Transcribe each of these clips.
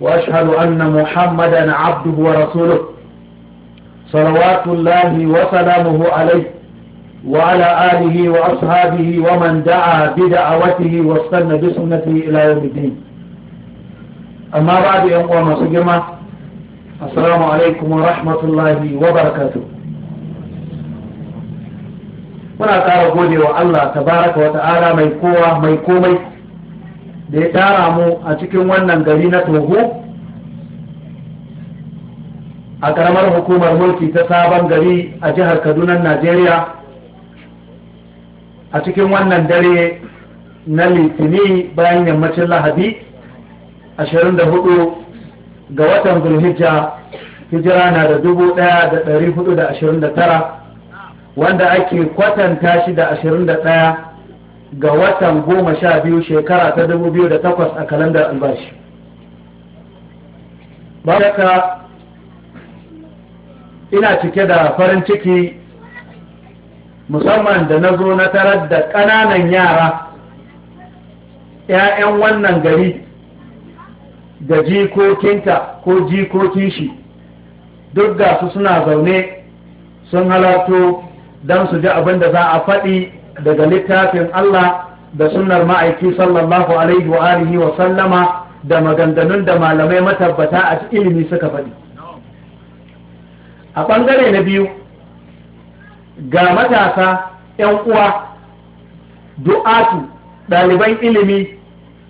وأشهد أن محمدا عبده ورسوله صلوات الله وسلامه عليه وعلى آله وأصحابه ومن دعا بدعوته واستنى بسنته إلى يوم الدين أما بعد يوم ومسجمة السلام عليكم ورحمة الله وبركاته muna ƙara gode wa Allah tabaraka wa ta'ala mai kowa mai komai da ya tara mu a cikin wannan gari na togo a karamar hukumar mulki ta sabon gari a jihar kaduna najeriya a cikin wannan dare na litini bayan yammacin lahadi 24 ga watan zulhijja hijira na da 1429 wanda ake kwatanta shi da 21 ga watan goma sha biyu shekara ta dubu biyu da takwas a kalandar albashi ba ina cike da farin ciki musamman da na zo na tarar da ƙananan yara 'ya'yan wannan gari da jikokinta ko jikokin shi duk ga su suna zaune sun halarto don su ji abin da za a faɗi daga littafin Allah da sunnar ma'aiki sallallahu alaihi wa alihi wa sallama da maganganun da malamai matabbata a ilimi suka faɗi a ɓangare na biyu ga matasa 'yan uwa du'atu ɗaliban ilimi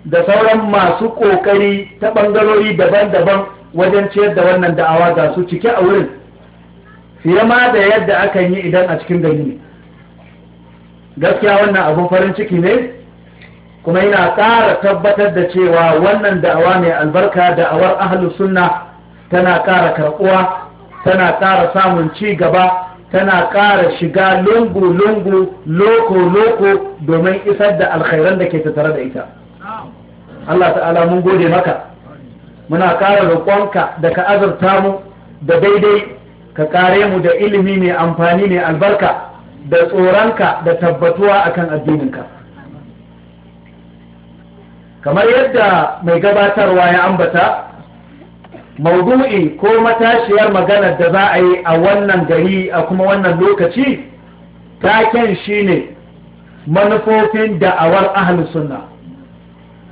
da sauran masu ƙoƙari ta ɓangarori daban-daban wajen ciyar da wannan da'awa ga su cike a wurin fiye ma da yadda akan yi idan a cikin gari gaskiya wannan abin farin ciki ne kuma yana ƙara tabbatar da cewa wannan da'awa mai albarka da'awar ahlu sunna tana ƙara karɓuwa tana ƙara samun ci gaba tana ƙara shiga lungu-lungu loko-loko domin isar da alkhairan da ke tattare da ita Allah ta'ala mun gode maka muna ƙara roƙonka da ka azurta mu da daidai ka kare mu da ilimi mai amfani mai albarka da tsoronka da tabbatuwa akan addininka kamar yadda mai gabatarwa ya ambata maudu'i ko matashiyar maganar da za a yi a wannan gari a kuma wannan lokaci taken ne manufofin da'awar ahlus sunna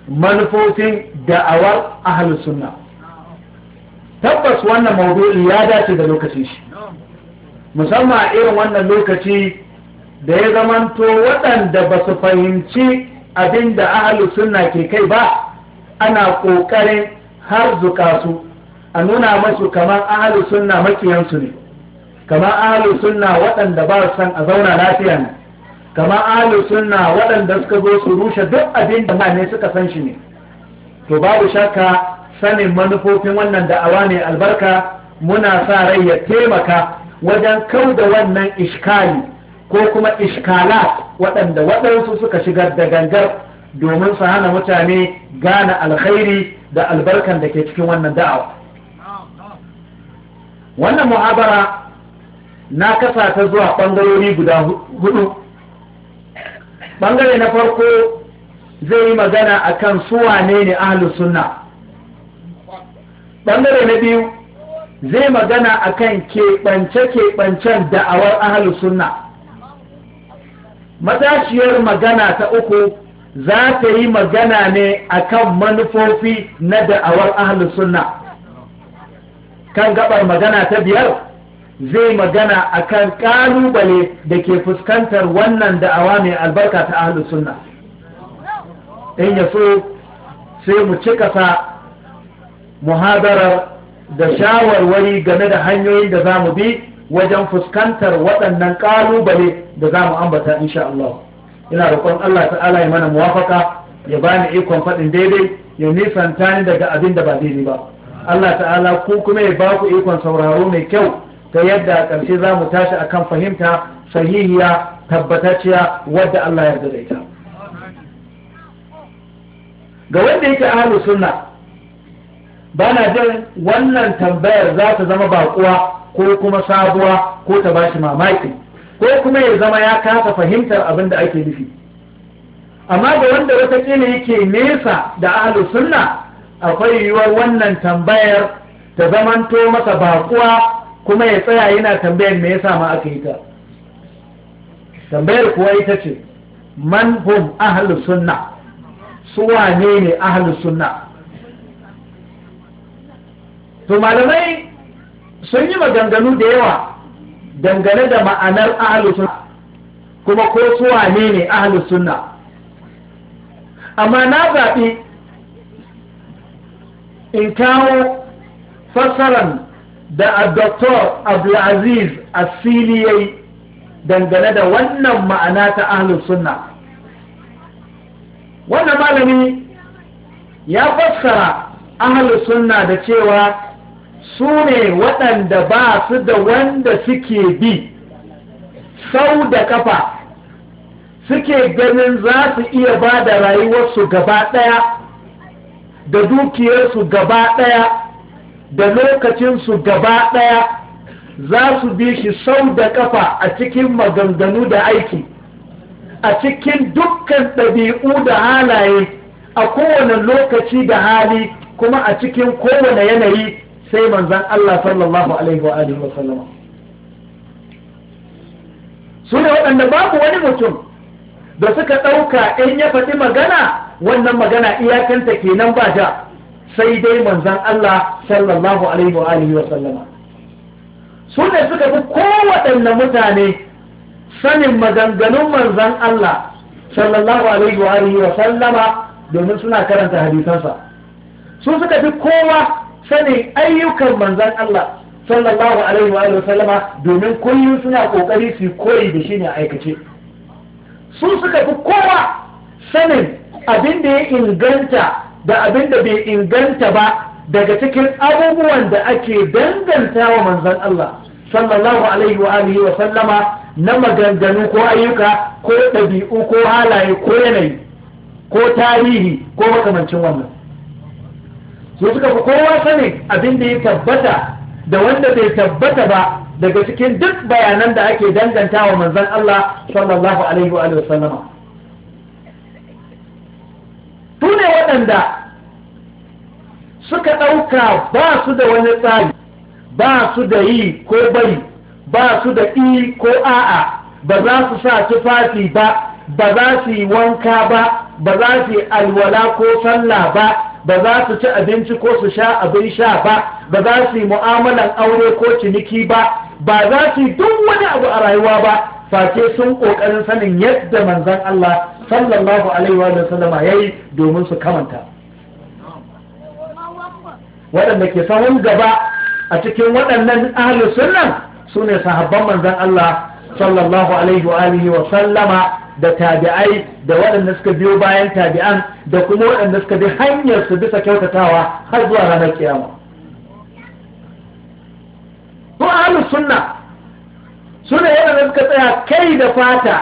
manufofin da'awar ahlus sunna tabbas wannan maudu'i ya dace da lokacin shi musamman a irin wannan lokaci da ya zamanto waɗanda ba su fahimci abin da ahalu sunna ke kai ba ana ƙoƙarin har zuka su a nuna masu kamar ahalu sunna makiyansu ne kamar ahalu sunna waɗanda ba su san a zauna lafiya ne kamar ahalu sunna waɗanda suka zo su rushe duk abin da ne suka san shi ne to babu shakka sanin manufofin wannan da'awa ne albarka muna sa rai ya taimaka wajen kau da wannan ishkali ko kuma iskala waɗanda waɗansu suka shigar da gangar domin su hana mutane gane alkhairi da albarkan da ke cikin wannan da'awa wannan muhabara na kasa ta zuwa ɓangarori guda hudu ɓangare na farko zai yi magana a kan wanene ne ahalus sunna ɓangare na biyu zai magana a kan keɓance-keɓancen da'awar ahalus sunna matashiyar magana ta uku za ta yi magana ne akan manufofi na da'awar ahlus sunna kan gabar magana ta biyar zai magana akan ƙalubale da ke fuskantar wannan da'awa mai albarka ta ahlus sunna in ya so sai mu cika sa muhadarar da shawarwari game da hanyoyin da za mu bi wajen fuskantar waɗannan ƙalubale da za mu ambata insha Allah ina roƙon Allah ta'ala ya mana muwafaka ya bani ikon faɗin daidai ya nisanta ni daga abin da ba daidai ba Allah ta'ala ku kuma ya ba ku ikon sauraro mai kyau ta yadda a ƙarshe za mu tashi akan fahimta sahihiya tabbatacciya wadda Allah ya yarda da ita ga wanda yake ahlus sunna ba na jin wannan tambayar za ta zama baƙuwa ko kuma sabuwa ko ta ba shi mamaki ko kuma ya zama ya kasa fahimtar abin da ake nufi amma ga wanda watakila yake nesa da ahalu sunna akwai yiwuwar wannan tambayar ta zamanto masa baƙuwa kuma ya tsaya yana tambayar me yasa ma aka yi ta tambayar kuwa ita ce man hum ahalu sunna su wane ne ahalu sunna to malamai sun yi maganganu da yawa dangane da ma'anar ahlus sunna kuma ko su wane ne ahlus sunna amma na zaɓi in kawo fassaran da a doktor abdulaziz asili yayi dangane da wannan ma'ana ta ahlus sunna wannan malami ya fassara ahlus sunna da cewa su ne waɗanda ba su da wanda suke bi sau da kafa suke ganin za su iya ba da rayuwarsu gaba ɗaya da dukiyarsu gaba ɗaya da lokacinsu gaba ɗaya za su bi shi sau da kafa a cikin maganganu da aiki a cikin dukkan ɗabi'u da halaye a kowane lokaci da hali kuma a cikin kowane yanayi sai manzan Allah sallallahu alaihi wa alihi wa sallama su ne waɗanda babu wani mutum da suka ɗauka in ya faɗi magana wannan magana iyakanta kenan ba ja sai dai manzan Allah sallallahu alaihi wa alihi wa sallama su ne suka fi kowaɗanne mutane sanin maganganun manzan Allah sallallahu alaihi wa alihi wa sallama domin suna karanta hadisansa su suka fi kowa sanin ayyukan manzan Allah sallallahu alaihi wa sallama domin kullum suna kokari su koyi da shi ne aikace su suka fi kowa sanin abin da ya inganta da abin da bai inganta ba daga cikin abubuwan da ake danganta wa manzan Allah sallallahu alaihi wa alihi wa sallama na maganganu ko ayyuka ko ɗabi'u ko halaye ko yanayi ko tarihi ko makamancin wannan su suka fi kowa sanin abin da ya tabbata da wanda bai tabbata ba daga cikin duk bayanan da ake danganta wa manzon Allah sallallahu alaihi wa su ne waɗanda suka ɗauka ba su da wani tsari ba su da yi ko bari ba su da i ko a'a ba za su sa tufafi ba ba za su yi wanka ba ba za su yi alwala ko sallah ba ba za su ci abinci ko su sha abin sha ba ba za su yi mu'amalan aure ko ciniki ba ba za su yi duk wani abu a rayuwa ba face sun kokarin sanin yadda manzon Allah sallallahu alaihi wa sallama yayi domin su kamanta waɗanda ke sahun gaba a cikin waɗannan ahli sunnan sune sahabban manzon Allah sallallahu alaihi wa alihi wa sallama da tabi'ai da waɗanda suka biyo bayan tabi'an da kuma waɗanda suka bi hanyar su bisa kyautatawa har zuwa ranar kiyama to ahlus sunna suna yana suka tsaya kai da fata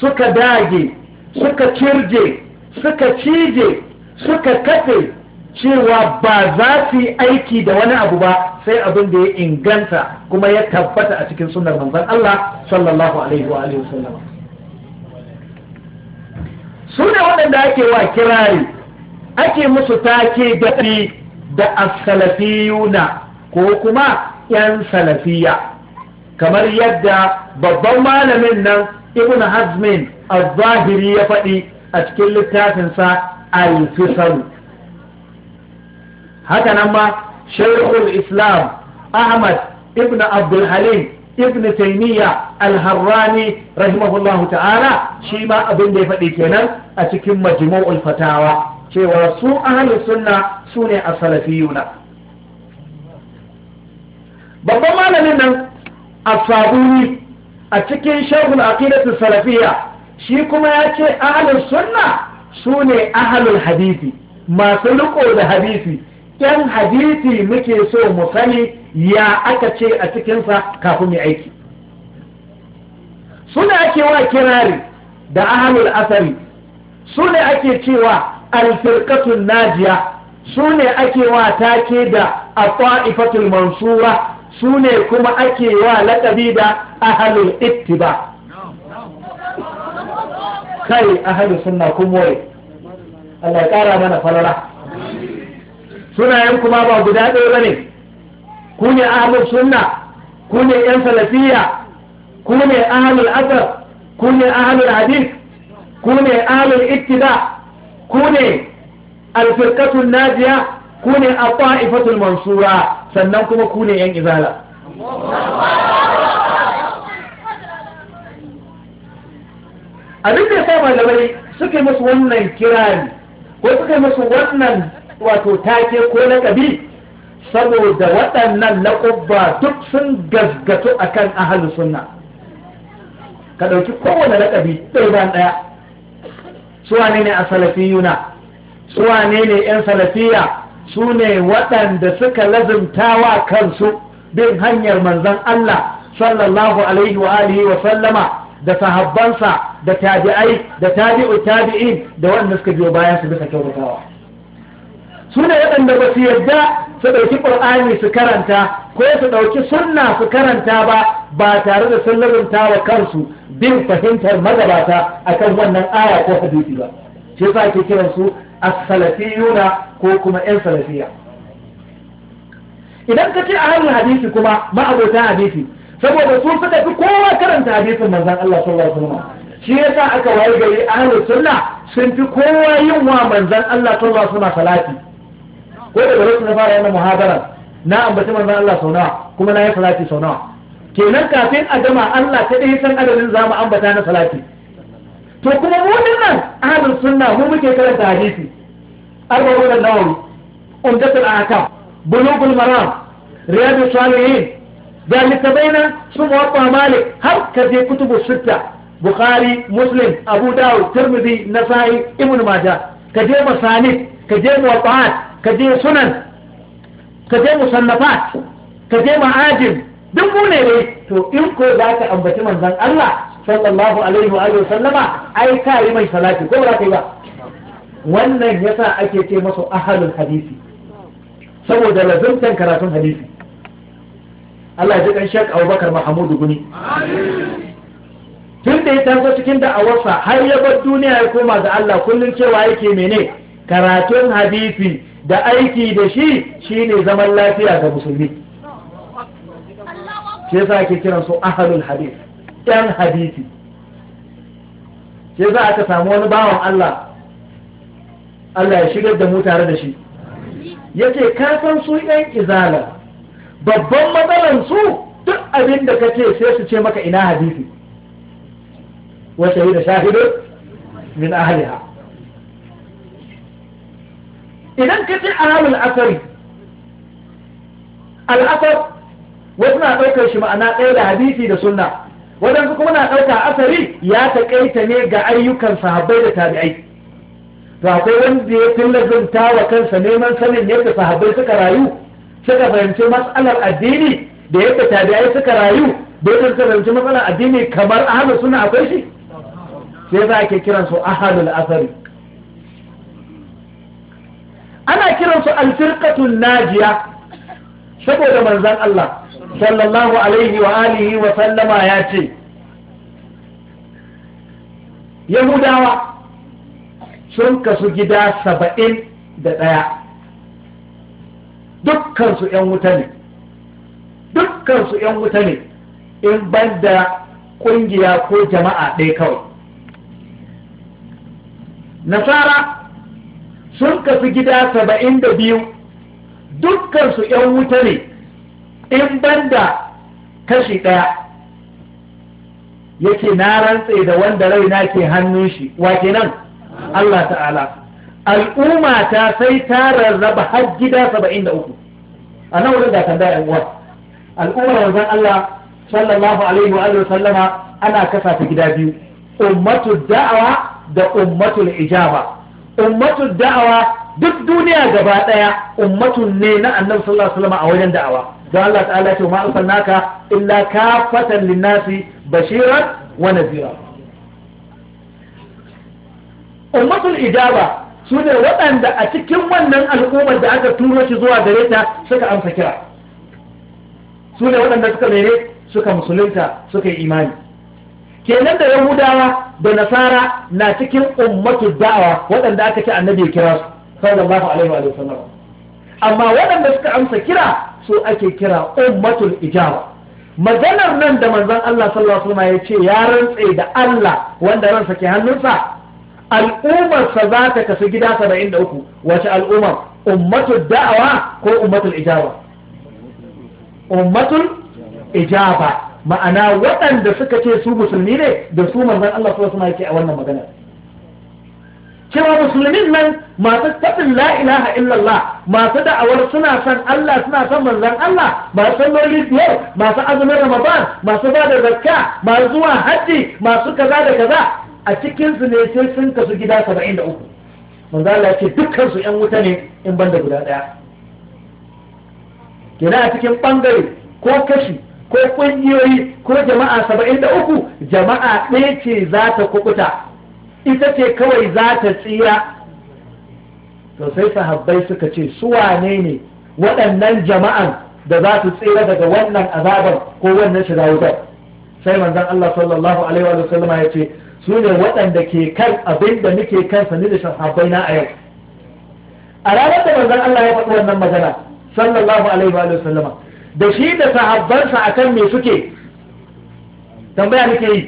suka dage suka kirje suka cije suka kafe cewa ba za su yi aiki da wani abu ba sai abin da ya inganta kuma ya tabbata a cikin sunar manzon Allah sallallahu alaihi wa alihi wasallam su ne waɗanda ake wa kirari ake musu take daɗi da asalafiyuna ko kuma 'yan salafiya kamar yadda babban malamin nan ibn hazmin al-zahiri ya faɗi a cikin littafinsa al-fisal haka nan ma shaykhul islam ahmad ibn abdul halim ibn taymiya al-harrani rahimahullahu ta'ala shi ma abin da ya faɗi kenan a cikin majmu'ul fatawa cewa su ahlus sunna sune a as-salafiyuna babban malamin nan as-sabuni a cikin sharhul aqidatu salafiyya shi kuma ya ce ahlus sunna sune ne ahlul hadisi masu riko da hadisi ɗan hadisi muke so mu sani ya aka ce a cikinsa kafin ya aiki suna ake wa kirari da ahalul asari su ne ake cewa alfirkatun najiya su ne ake wa take da afa'ifatul mansura su ne kuma ake wa laƙabi da ahalul ittiba kai ahalul sunna kuma wai Allah ya ƙara mana falala sunayen kuma ba guda ɗaya ba ne ku ne ahlul sunna ku ne yan salafiya ku ne ahlul asar ku ne ahlul hadis ku ne ahlul ittida ku ne alfirqatul najiya ku ne at mansura sannan kuma ku ne yan izala abin da ya sa malamai suka yi musu wannan kirari ko suka yi musu wannan wato take ko laƙabi saboda waɗannan laƙubba duk sun gasgato a kan ahalus sunna ka ɗauki kowane laƙabi ɗaya ban ɗaya suwane ne a salafiyuna suwane ne 'yan salafiya su ne waɗanda suka lazumtawa kansu bin hanyar manzan Allah sallallahu alaihi wa alihi wa sallama da sahabbansa da tabi'ai da tabi'u tabi'in da waɗanda suka biyo bayan su bisa kyautatawa su ne waɗanda ba su yarda su ɗauki ƙur'ani su karanta ko su ɗauki sunna su karanta ba ba tare da sun lazumta wa kansu bin fahimtar magabata akan wannan aya ko hadisi ba shi yasa ake kiran su as-salafiyuna ko kuma yan salafiya idan ka ce ahlul hadisi kuma ma'abota hadisi saboda su suka fi kowa karanta hadisin manzon Allah sallallahu alaihi wasallam shi yasa aka wayi gari ahlus sunna sun fi kowa yin wa manzon Allah sallallahu alaihi wasallam salati ko da lokacin da fara wannan muhadara na ambaci manzon Allah sau nawa kuma na yi salati sau nawa kenan kafin a jama Allah ta dai san adadin za mu ambata na salati to kuma mu nan ahlus sunna mu muke karanta hadisi arba'un an-nawawi umdatul ahkam bulughul maram riyadus salihin da littabaina su muwatta malik har ka je kutubu sitta bukhari muslim abu dawud tirmidhi nasa'i ibn majah ka je masanid ka je ka je sunan ka je musannafat ka je ma'ajin duk mu ne to in ko za ka ambaci manzon Allah sallallahu alaihi wa sallama ai ka yi mai salati ko ba ka yi ba wannan yasa ake ce masa ahalul hadisi saboda lazumtan karatun hadisi Allah ya ji kan Sheikh Abubakar Mahmud Guni tun da ya taso cikin da'awarsa har ya bar duniya ya koma ga Allah kullum cewa yake mene karatun hadisi da aiki da shi shine zaman lafiya ga musulmi shi yasa ake kiran su ahlul hadith yan hadisi shi yasa aka samu wani bawan Allah Allah ya shigar da mu tare da shi yace ka su yan izala babban matsalan su duk abin da ce sai su ce maka ina hadisi wa shahida shahidun min ahliha idan ka ce alamul asari al'asar wasu na ɗaukar shi ma'ana ɗaya da hadisi da sunna waɗansu kuma na ɗauka asari ya taƙaita ne ga ayyukan sahabbai da tabi'ai to akwai wanda ya tillazunta wa kansa neman sanin yadda sahabbai suka rayu suka fahimci matsalar addini da yadda tabi'ai suka rayu da yadda suka fahimci matsalar addini kamar ahalus suna akwai shi sai za a ke kiransu ahalul asari ana kiransu alfirkatun najiya saboda manzan Allah sallallahu alaihi wa alihi wa sallama ya ce yahudawa sun kasu gida saba'in da ɗaya dukkansu ‘yan wuta ne dukkansu ‘yan wuta ne in banda ƙungiya ko jama'a ɗaya kawai nasara sun kasu gida saba'in da biyu dukkansu ‘yan wuta ne in banda kashi ɗaya yake na rantse da wanda raina ke hannun shi wa nan? Allah ta'ala al'umma ta sai ta rarraba har gida saba'in da uku a nan wurin da kan da uwa al'ummar wanzan Allah sallallahu alaihi wa sallama ana kasa ta gida biyu ummatu da'awa da ummatul ijaba ummatu da'awa duk duniya gaba daya ummatu ne na annabi sallallahu alaihi wasallam a wajen da'awa don Allah ta'ala ya ce ma arsalnaka illa kafatan linnasi bashiran wa nadhira ummatul ijaba su ne waɗanda a cikin wannan al'ummar da aka turo shi zuwa gare ta suka amsa kira su ne waɗanda suka mene suka musulunta suka yi imani kenan da yahudawa da nasara na cikin ummatu da'awa waɗanda aka ce annabi ya kira su sallallahu alaihi wa sallam amma waɗanda suka amsa kira su ake kira ummatul ijaba maganar nan da manzon Allah sallallahu alaihi ya ce ya rantse da Allah wanda ransa ke hannunsa al'ummar sa za ta kasu gida 73 wace al'ummar ummatul da'awa ko ummatul ijaba ummatul ijaba ma'ana waɗanda suka ce su musulmi ne da su manzan Allah su wasu a wannan magana cewa musulmin nan masu tafin la ilaha illallah masu da'awar suna son Allah suna son manzon Allah masu lori biyar masu azumin Ramadan masu ba da zakka masu zuwa hajji masu kaza da kaza a cikin ne sai sun kasu gida 73 da Allah ya ce dukkan su ƴan wuta ne in banda guda daya kenan a cikin ɓangare ko kashi ko ƙungiyoyi ko jama'a saba'in da uku jama'a ɗaya ce za ta kukuta ita ce kawai za ta tsira to sai sahabbai suka ce su wanene ne waɗannan jama'an da za su tsira daga wannan azabar ko wannan shiga wutar sai manzon Allah sallallahu alaihi wa sallam ya ce su ne waɗanda ke kan abin da muke kan sani da sahabbai na a yau a ranar da manzon Allah ya faɗi wannan magana sallallahu alaihi wa sallama da shi da sahabbansa kan me suke tambaya nake yi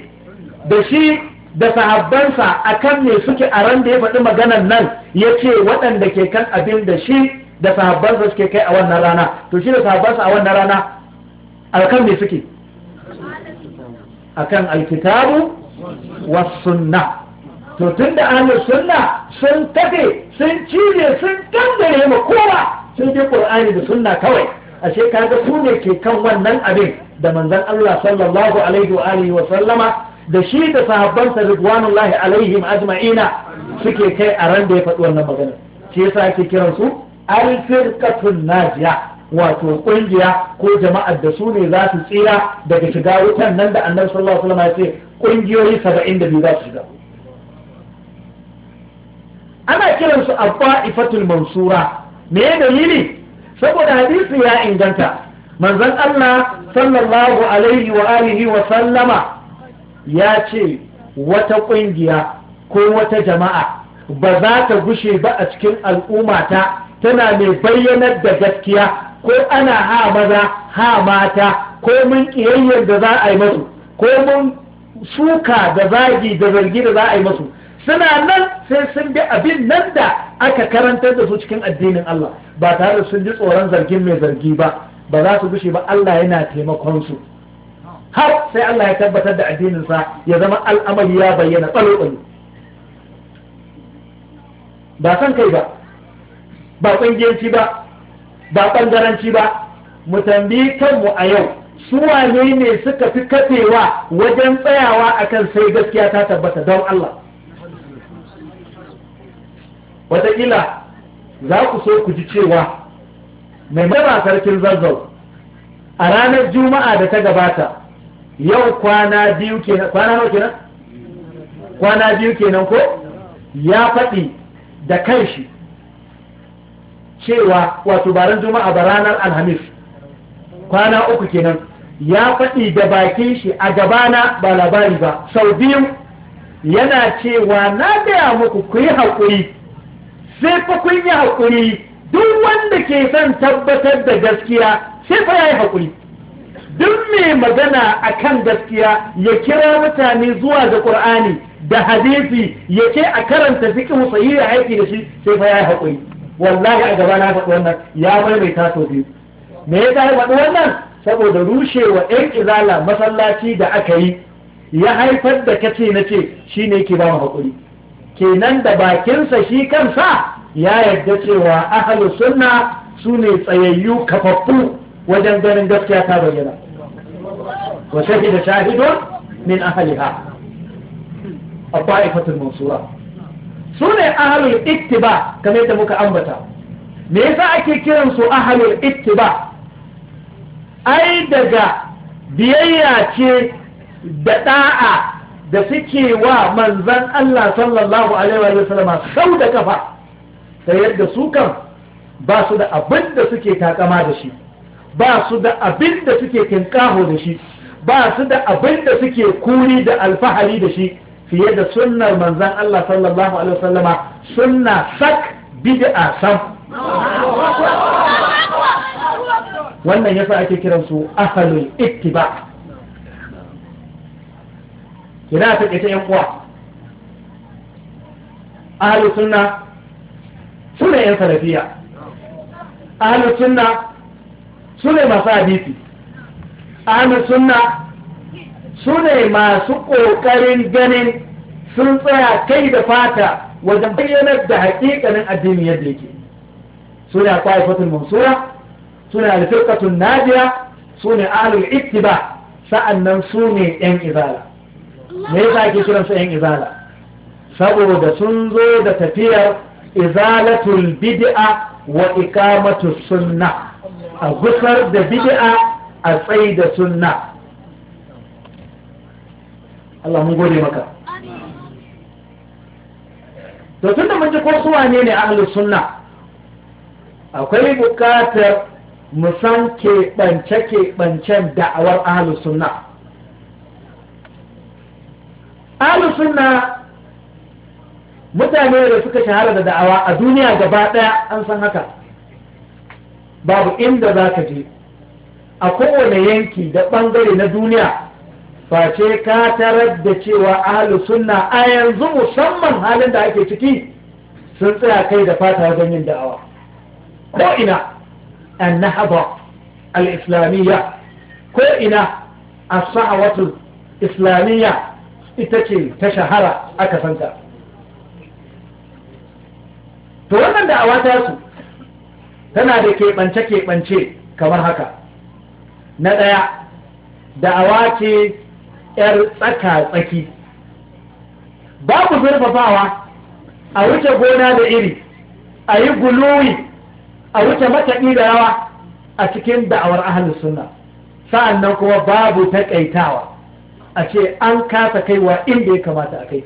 da shi da sahabbansa kan me suke a ran da ya faɗi maganan nan ya ce waɗanda ke kan abin da shi da sahabbansa suke kai a wannan rana to shi da sahabbansa a wannan rana a kan me suke A kan alkitabu wa sunna to tun da ahlus sunna sun tafe sun cire sun dangare ma kowa sun bi qur'ani da sunna kawai ashe kaga su ne ke kan wannan abin da manzon Allah sallallahu alaihi wa alihi wa sallama da shi da sahabbansa ridwanullahi alaihim ajma'ina suke kai a ran da ya faɗi wannan magana shi yasa ake kiran su al-firqatun najiya wato kungiya ko jama'ar da su ne za su tsira daga shiga wutan nan da annabi sallallahu alaihi sallama ya ce kungiyoyi 72 za su shiga ana kiransu abba ifatul mansura me dalili saboda hadisi ya inganta manzon Allah sallallahu alaihi wa alihi wa sallama ya ce wata ƙungiya ko wata jama'a ba za ta gushe ba a cikin al'ummata tana mai bayyanar da gaskiya ko ana ha maza ha mata ko mun ƙiyayyar da za a yi masu ko mun suka da zagi da zargi da za a yi masu suna nan sai sun bi abin nan da aka karantar da su cikin addinin Allah ba tare da sun ji tsoron zargin mai zargi ba ba za su gushe ba Allah yana taimakon su har sai Allah ya tabbatar da addininsa ya zama al'amari ya bayyana tsalo ba san kai ba ba ƙungiyanci ba ba bangaranci ba mu tambayi kanmu a yau su wane ne suka fi kafewa wajen tsayawa akan sai gaskiya ta tabbata don Allah wataƙila za ku so ku ji cewa mai mara sarkin zazzau a ranar juma'a da ta gabata yau kwana biyu kenan kwana nawa kenan kwana biyu kenan ko ya faɗi da kanshi cewa wato baran juma'a ba ranar alhamis kwana uku kenan ya faɗi da bakin shi a gabana ba labari ba sau biyu yana cewa na gaya muku ku yi haƙuri sai fa kun yi haƙuri duk wanda ke son tabbatar da gaskiya sai fa ya yi haƙuri duk mai magana a kan gaskiya ya kira mutane zuwa ga ƙur'ani da hadisi ya ce a karanta fiƙin ya aiki da shi sai fa ya yi haƙuri wallahi a gaba na faɗi wannan ya mai taso biyu me ya yi faɗi wannan saboda rushewa ɗan izala masallaci da aka yi ya haifar da kace na ce shine ke ba mu haƙuri kenan da bakinsa shi kansa ya yarda cewa ahalus sunna su ne tsayayyu kafaffu wajen ganin gaskiya ta bayyana wa shahida shahidun min ahliha a fa'ifatul mansura su ne ahalul ittiba kamar yadda muka ambata me yasa ake kiran su ahalul ittiba ai daga biyayya ce da da'a da suke wa manzan Allah sallallahu alaihi wa sallama sau da kafa ta yadda su kan ba su da abin da suke takama da shi ba su da abin da suke kinkaho da shi ba su da abin da suke kuri da alfahari da shi fiye da sunnar manzan Allah sallallahu alaihi wasallama sunna sak bid'a sam wannan yasa ake kiransu su ahlul ittiba Kina da take ta yan uwa ahlus sunna su ne yan salafiya sunna su ne masu hadisi ahlus sunna su ne masu ƙoƙarin ganin sun tsaya kai da fata wajen bayyanar da haƙiƙanin addini yadda yake suna ta'ifatul mansura suna alfirqatul najiya suna ahlul ittiba sa'annan su ne yan izala me yasa ake kiran su izala saboda sun zo da tafiyar izalatul bid'a wa iqamatus sunna a gusar da bid'a a tsayi da sunna Allah mun gode maka to tun da mun ji ko su wane ne ahli sunna akwai bukatar mu san keɓance-keɓancen da'awar ahli sunna ahlus sunna mutane da suka shahara da da'awa a duniya gaba ɗaya an san haka babu inda za ka je a kowane yanki da ɓangare na duniya face ka tarar da cewa ahlus sunna a yanzu musamman halin da ake ciki sun tsaya kai da fata wajen yin da'awa ko ina annahaba al-islamiyya ko ina as-sa'awatu islamiyya ita ce ta shahara aka santa to wannan da awata su tana da keɓance-keɓance kamar haka na ɗaya da'awa ce 'yar tsaka-tsaki babu zurfafawa a wuce gona da iri a yi guluwi a wuce makaɗi da yawa, a cikin da'awar ahalus sa'an nan kuma babu taƙaitawa a ce an kasa kaiwa inda ya kamata a kai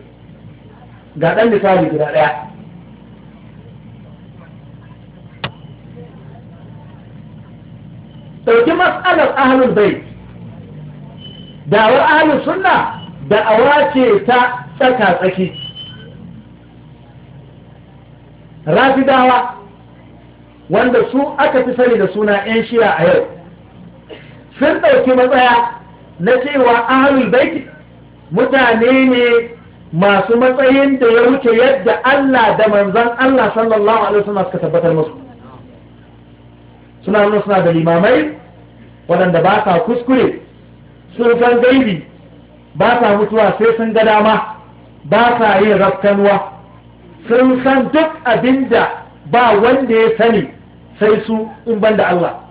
ga ɗan misali guda ɗaya ɗauki matsalar ahalin bai da'awar ahalin sunna da'awa ce ta tsaka-tsaki rafidawa wanda su aka fi sani da suna 'yan shiya a yau sun ɗauki matsaya na cewa ahlul baiti mutane ne masu matsayin da ya wuce yadda Allah da manzan Allah sallallahu alaihi wasallam suka tabbatar musu suna nuna suna da limamai waɗanda ba sa kuskure sun san gaibi ba sa mutuwa sai sun ga dama ba sa yin raftanuwa sun san duk abin da ba wanda ya sani sai su in banda Allah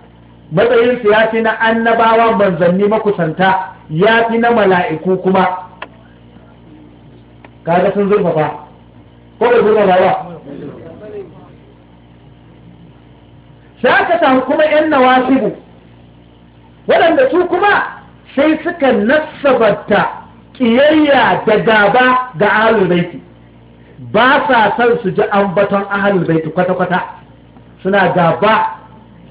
matsayinsu ya fi na annabawa manzanni makusanta ya fi na mala'iku kuma kaga sun zurfafa ko bai zurfafa ba za aka samu kuma 'yan nawasibu waɗanda su kuma sai suka nasabata ƙiyayya da gaba ga ahalul baiti ba sa son su ji ambaton ahalul baiti kwata-kwata suna gaba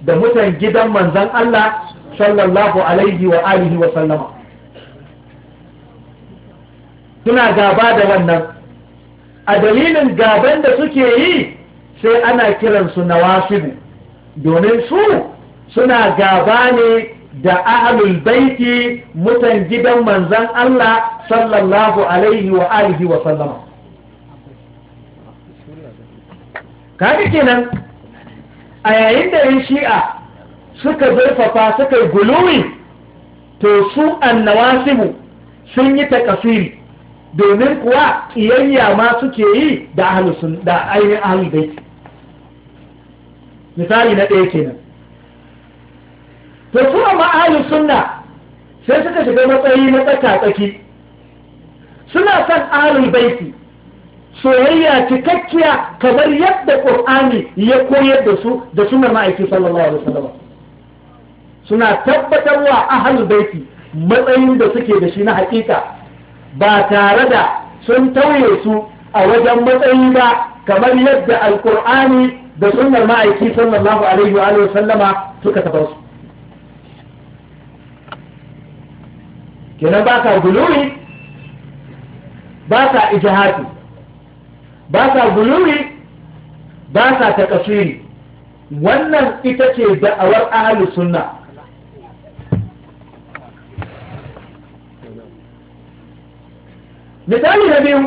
da mutan gidan manzan Allah sallallahu alaihi wa alihi wa sallama suna gaba da wannan a dalilin gaban da suke yi sai ana kiransu nawasibu domin su suna gaba ne da ahlul baiti mutan gidan manzan Allah sallallahu alaihi wa alihi wa sallama kaga kenan a yayin da yin shi'a suka zurfafa suka yi guluwi to su annawasibu sun yi takasiri domin kuwa ƙiyayya ma suke yi da ahalusun da ainihin ahalubaiti misali na ɗaya kenan to su amma sunna sai suka shiga matsayi na tsaka-tsaki suna son baiti soyayya cikakkiya kamar yadda ƙur'ani ya koyar da su da suna ma'aiki sallallahu alaihi wasallam suna tabbatarwa ahlul baiti matsayin da suke da shi na haƙiƙa ba tare da sun tauye su a wajen matsayi ba kamar yadda alƙur'ani da sunnar ma'aiki sallallahu alaihi wa sallama suka tabar su kenan ba ka guluri ba ka ijihati ba sa guluwi ba sa takasiri wannan ita ce da'awar ahalu sunna misali na biyu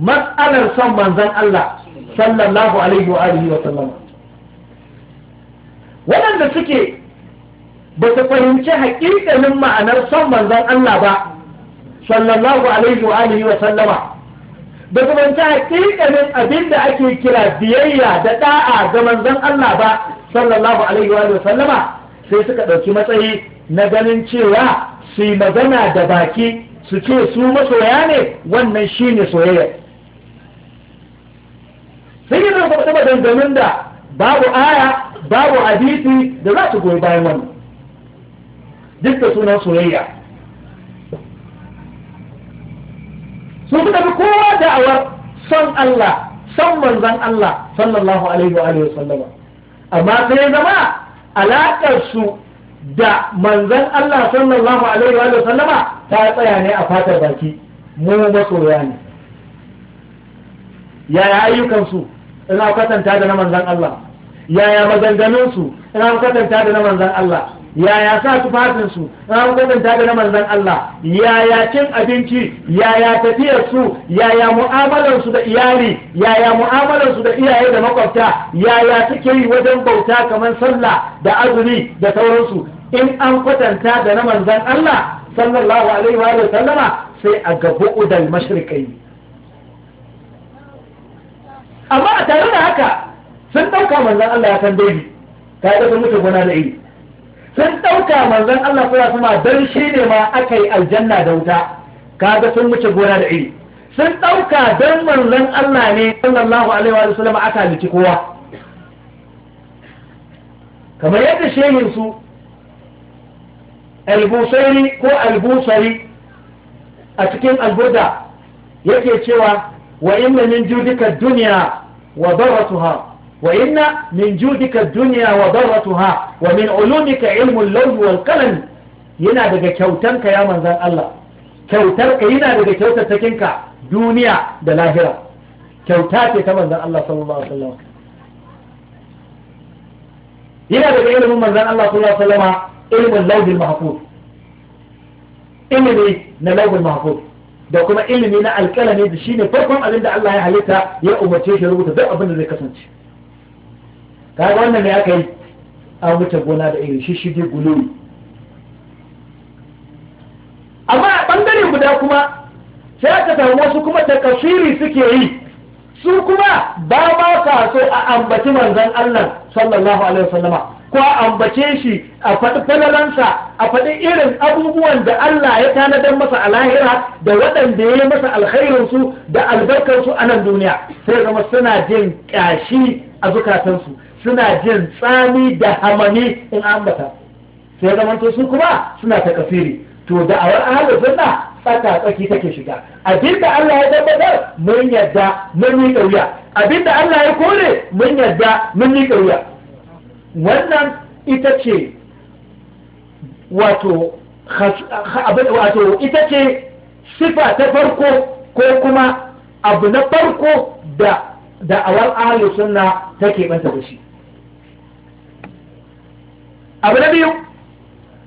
matsalar son manzan Allah sallallahu alaihi wa alihi wa sallam waɗanda suke ba su fahimci haƙiƙanin ma'anar son manzan Allah ba sallallahu alaihi wa alihi wa sallama ba su manta hakikanin abin da ake kira biyayya da da'a ga manzon Allah ba sallallahu alaihi wa sallama sai suka ɗauki matsayi na ganin cewa su yi magana da baki su ce su masoya ne wannan shine soyayya sai yi zama taɓa dangamin da babu aya babu hadisi da za su goyi bayan wannan duk da sunan soyayya su suka bi kowa da'awar son Allah son manzon Allah sallallahu alaihi wa alihi wasallama amma sai zama alaƙar su da manzon Allah sallallahu alaihi wa alihi ta tsaya ne a fatar baki mu masoya ne yaya ayyukan su ina kwatanta da na manzon Allah yaya maganganun su ina kwatanta da na manzon Allah yaya sa tufafinsu an kwatanta da na manzan Allah yaya cin abinci yaya tafiyarsu yaya mu'amalarsu da iyali yaya mu'amalarsu da iyaye da makwabta yaya suke yi wajen bauta kamar sallah da azumi da sauransu in an kwatanta da na manzan Allah sallallahu alaihi wa sallama sai a gabu udal mashrikai amma a tare da haka sun ɗauka manzan Allah ya san daidai ka ga mutum gona da iri sun ɗauka manzon Allah kula kuma don shi ne ma aka yi aljanna da wuta kaga sun wuce gona da iri sun ɗauka don manzon Allah ne sallallahu alaihi wa sallam aka halici kowa kamar yadda shehin su albusari ko albusari a cikin alburda yake cewa wa inna min judika dunya wa daratuha وإن من جودك الدنيا وضرتها ومن علومك علم اللوز والقلم yana daga kyautanka ya manzan Allah kyautarka yana daga kyautatakinka duniya da lahira kyauta ce ta manzan Allah yana daga ilimin manzan Allah sallallahu alaihi wasallam ilimi na lauhul mahfuz da kuma ilimi na alƙalami da ne farkon abin da Allah ya halitta ya umarce shi rubuta duk abin da zai kasance kaga wannan ne aka yi an wuce gona da irin shishige guluri amma a ɓangare guda kuma sai aka samu wasu kuma takasiri suke yi su kuma ba ma ka so a ambaci manzon Allah sallallahu alaihi wasallama ko a ambace shi a faɗi falalansa a faɗi irin abubuwan da Allah ya tanadar masa a lahira da waɗanda ya yi masa alhairinsu da albarkarsu a nan duniya sai zama suna jin ƙyashi a zukatansu suna jin tsami da hamani in ambata sai zamanto su kuma suna ta kafiri to da'awar ahalu sunna tsaka tsaki take shiga abinda Allah ya tabbatar mun yadda mun yi kauya abinda Allah ya kore mun yadda mun yi kauya wannan ita ce wato wato ita ce sifa ta farko ko kuma abu na farko da da'awar ahalu sunna take banta da shi abu na biyu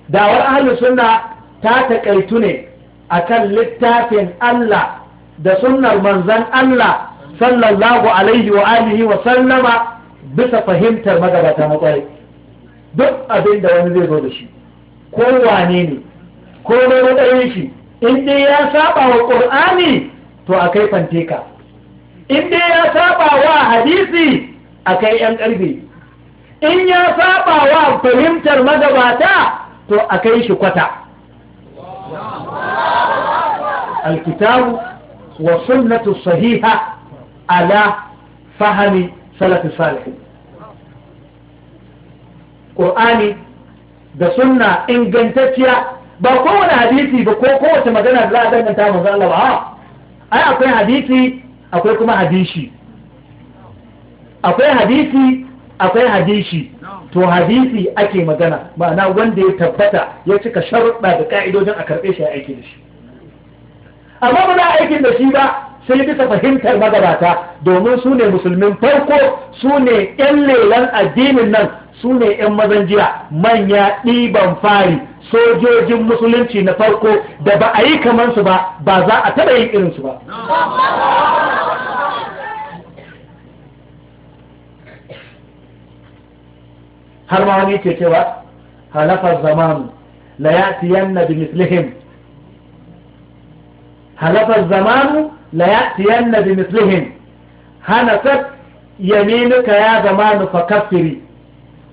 dawar ahalus suna ta taƙaitu ne akan littafin Allah da sunnar manzan Allah sallallahu alaihi wa alihi wa sallama bisa fahimtar magabata matsayi duk abin da wani zai zo da shi ko wane ne ko mai shi in dai ya saba wa ƙur'ani, to a akai fanteka in dai ya saba wa hadisi a kai yan ƙarfe. in ya saba wa fahimtar magabata to a kai shi kwata alkitabu wa sunnatu sahiha ala fahami salafi salihin ƙur'ani da sunna ingantacciya ba kowane hadisi ba ko kowace magana da za a danganta manzo zan ba ai akwai hadisi akwai kuma hadisi akwai hadisi akwai hadisi to hadisi ake magana ma'ana wanda ya tabbata ya cika sharuɗa da ka'idojin a karɓe shi a aiki da shi amma ba za a aikin da shi ba sai bisa fahimtar magabata domin su ne musulmin farko su ne 'yan lelan addinin nan su ne 'yan mazan jiya manya ɗiban fari sojojin musulunci na farko da ba a yi kamansu ba ba za a taɓa yin irinsu ba هل معنى يكي كوا هلف الزمان لياتين بمثلهم هلف الزمان لياتين بمثلهم هنست يمينك يا زمان فكفري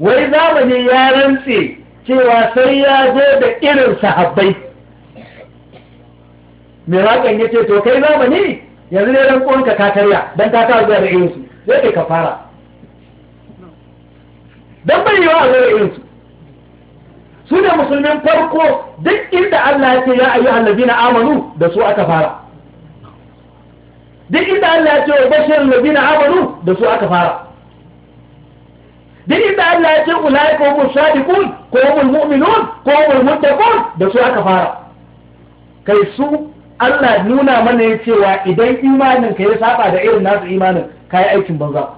واذا من يارنسي كوا سيادو بإرن صحبي miraƙin ya ce to kai zamani yanzu ne ɗan ƙunka kakariya don ta kawo zuwa da irinsu zai ka fara don bai yawa a zai irinsu su ne musulmin farko duk inda Allah ya ce ya ayyu allazina amanu da su aka fara duk inda Allah ya ce wa bashir allazina amanu da su aka fara duk inda Allah ya ce ulai ko hum sadiqun ko hum mu'minun ko hum muttaqun da su aka fara kai su Allah nuna mana ya cewa idan imanin ka ya saba da irin nasu imanin kai aikin banza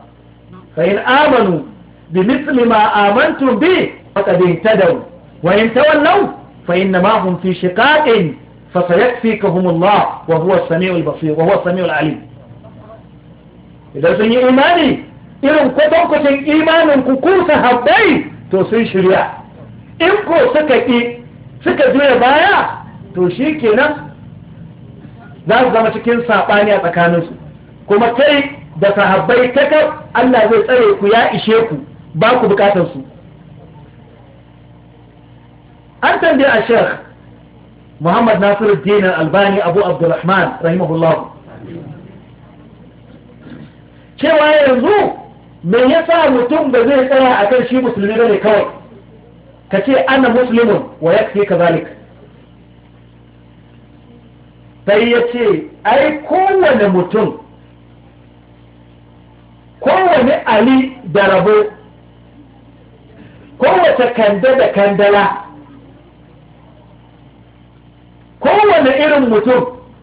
fa in amanu بمثل ما آمنتم به فقد اهتدوا وإن تولوا فإنما هم في شقاق فسيكفيكهم الله وهو السميع البصير وهو السميع العليم إذا سن إيماني إذن كتن كتن إيمان كوكو سهبي تو سن شريع إنكو سكا suka juya baya to shi kenan za su zama cikin saɓani a tsakaninsu kuma kai da sahabbai kakar Allah zai tsare ku ya ishe ku ba ku bukatar su an tambaye a sheikh muhammad nasiru dinar albani abu abdulrahman rahimahullah cewa yanzu me yasa mutum ba zai tsaya a kan shi musulmi ne kawai ka ce ana musulmin wa ya fi kazalik sai ya ce ai kowane mutum kowane ali da rabo kowace Kande da kandala kowane irin mutum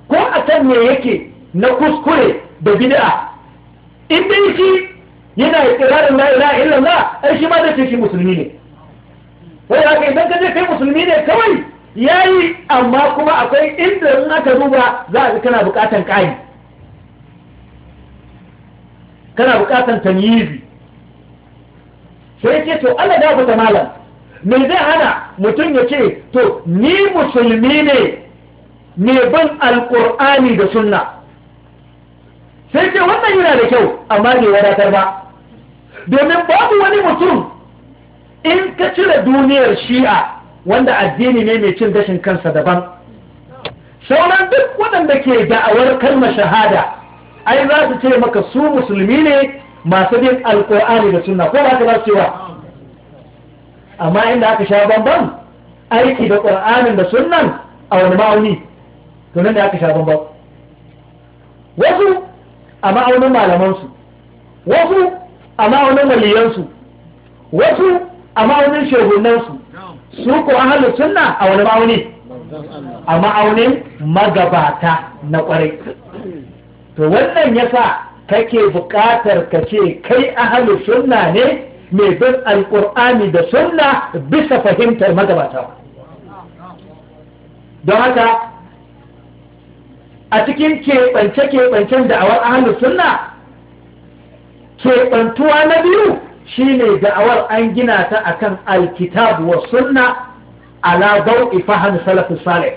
ko a kan me yake na kuskure da bid'a in dai shi yana ikirarin la ilaha illallah ai shi ma da ce shi musulmi ne sai haka idan ka je kai musulmi ne kawai yayi amma kuma akwai inda in aka duba za a kana bukatan kai kana bukatan tamyizi sai ce to Allah da ta malam me zai hana mutum ya ce to ni musulmi ne me ban alkur'ani da sunna sai ce wannan yana da kyau amma bai wadatar ba domin babu wani mutum in ka cire duniyar shi'a wanda addini ne mai cin gashin kansa daban sauran duk waɗanda ke da'awar kalmar shahada ai za su ce maka su musulmi ne masu bin alkur'ani da sunna ko ba ka ba cewa amma inda aka sha bambam aiki da ƙur'anin da sunnan a wani ma'auni to nan da aka sha bambam wasu a ma'aunin malamansu wasu a ma'aunin waliyansu wasu a ma'aunin shehunansu su ko ahalus sunna a wani ma'auni a ma'aunin magabata na ƙwarai to wannan yasa kake buƙatar ka ce kai ahalu sunna ne mai bin alƙur'ani da sunna bisa fahimtar magabata don haka a cikin keɓance-keɓancen da'awar ahalu sunna keɓantuwa na biyu shine da'awar an gina ta akan alkitabu wa sunna ala dau'i fahim salafin salih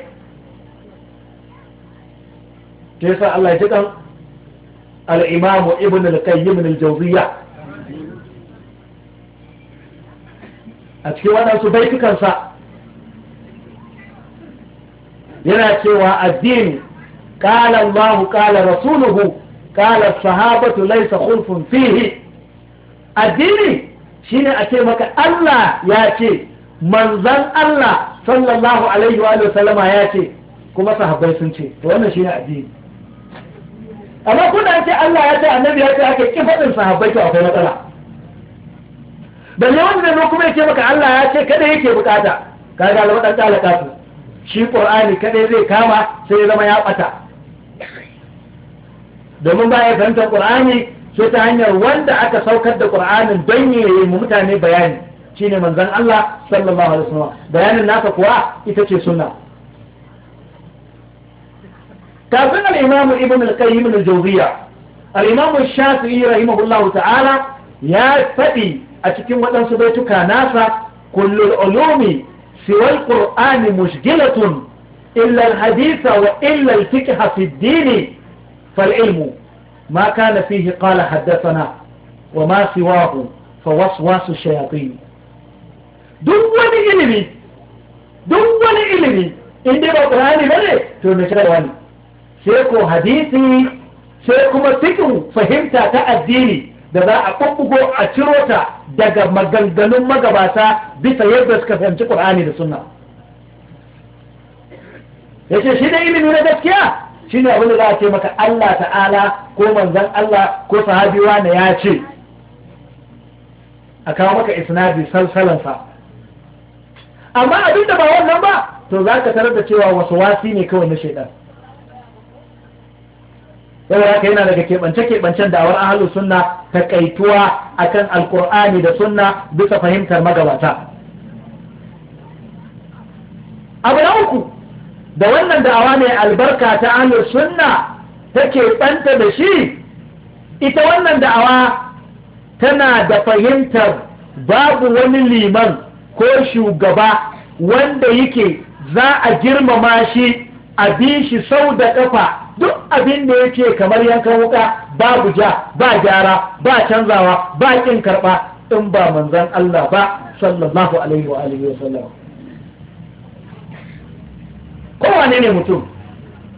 Allah ya ji al-imam ibn al-qayyim a cikin waɗansu baitukansa yana cewa addini قال الله قال رسوله قال الصحابة ليس خلف فيه addini shine a ce maka Allah ya ce manzan Allah sallallahu alaihi wa sallama ya ce kuma sahabai sun ce to wannan shine addini amma kuna ce Allah ya ce annabi ya ce ake ki faɗin sahabbai to akwai matsala balle wanda ne kuma yake maka Allah ya ce kada yake bukata ga alwa dan talaka su shi qur'ani kada zai kama sai ya zama ya bata domin ba ya ƙur'ani, qur'ani sai ta hanyar wanda aka saukar da qur'anin don ya yi mutane bayani shine manzon Allah sallallahu alaihi wasallam bayanin nasa kuwa ita ce sunna kafin al-imamu ibn al-qayyim al-jawziya al shafi'i rahimahullahu ta'ala ya faɗi a cikin waɗansu baituka nasa kullul ulumi siwal qur'ani mushgilatun illa hadisa hadith wa illa al-fiqh fi ad-din fal-ilmu ma kana fihi qala haddathana wa ma siwahu fawaswasu shayatin duk wani ilimi duk wani ilimi in ba ne? to me sai ko hadisi sai kuma cikin fahimta ta addini da za a ɓuɓɓugo a ciro ta daga maganganun magabata bisa yadda suka fahimci ƙur'ani da sunna ya ce shi da ilimi na gaskiya shi ne da za a ce maka Allah ta'ala ko manzan Allah ko sahabiwa na ya ce a kawo maka isnadi salsalansa amma abin da ba wannan ba to za ka tarar da cewa wasu wasi ne kawai na shaidan yau haka yana daga keɓance-keɓancen dawar ahalu sunna ta kaituwa akan alkur'ani da sunna bisa fahimtar magabata abu na uku da wannan da'awa ne albarka ta ahalu sunna ta keɓanta da shi ita wannan da'awa tana da fahimtar babu wani liman ko shugaba wanda yake za a girmama shi a bi shi sau da ƙafa duk abin da yake kamar yankan wuka babu ja ba gyara ba canzawa ba kin karɓa in ba manzan Allah ba sallallahu alaihi wa alihi wa sallam kowane ne mutum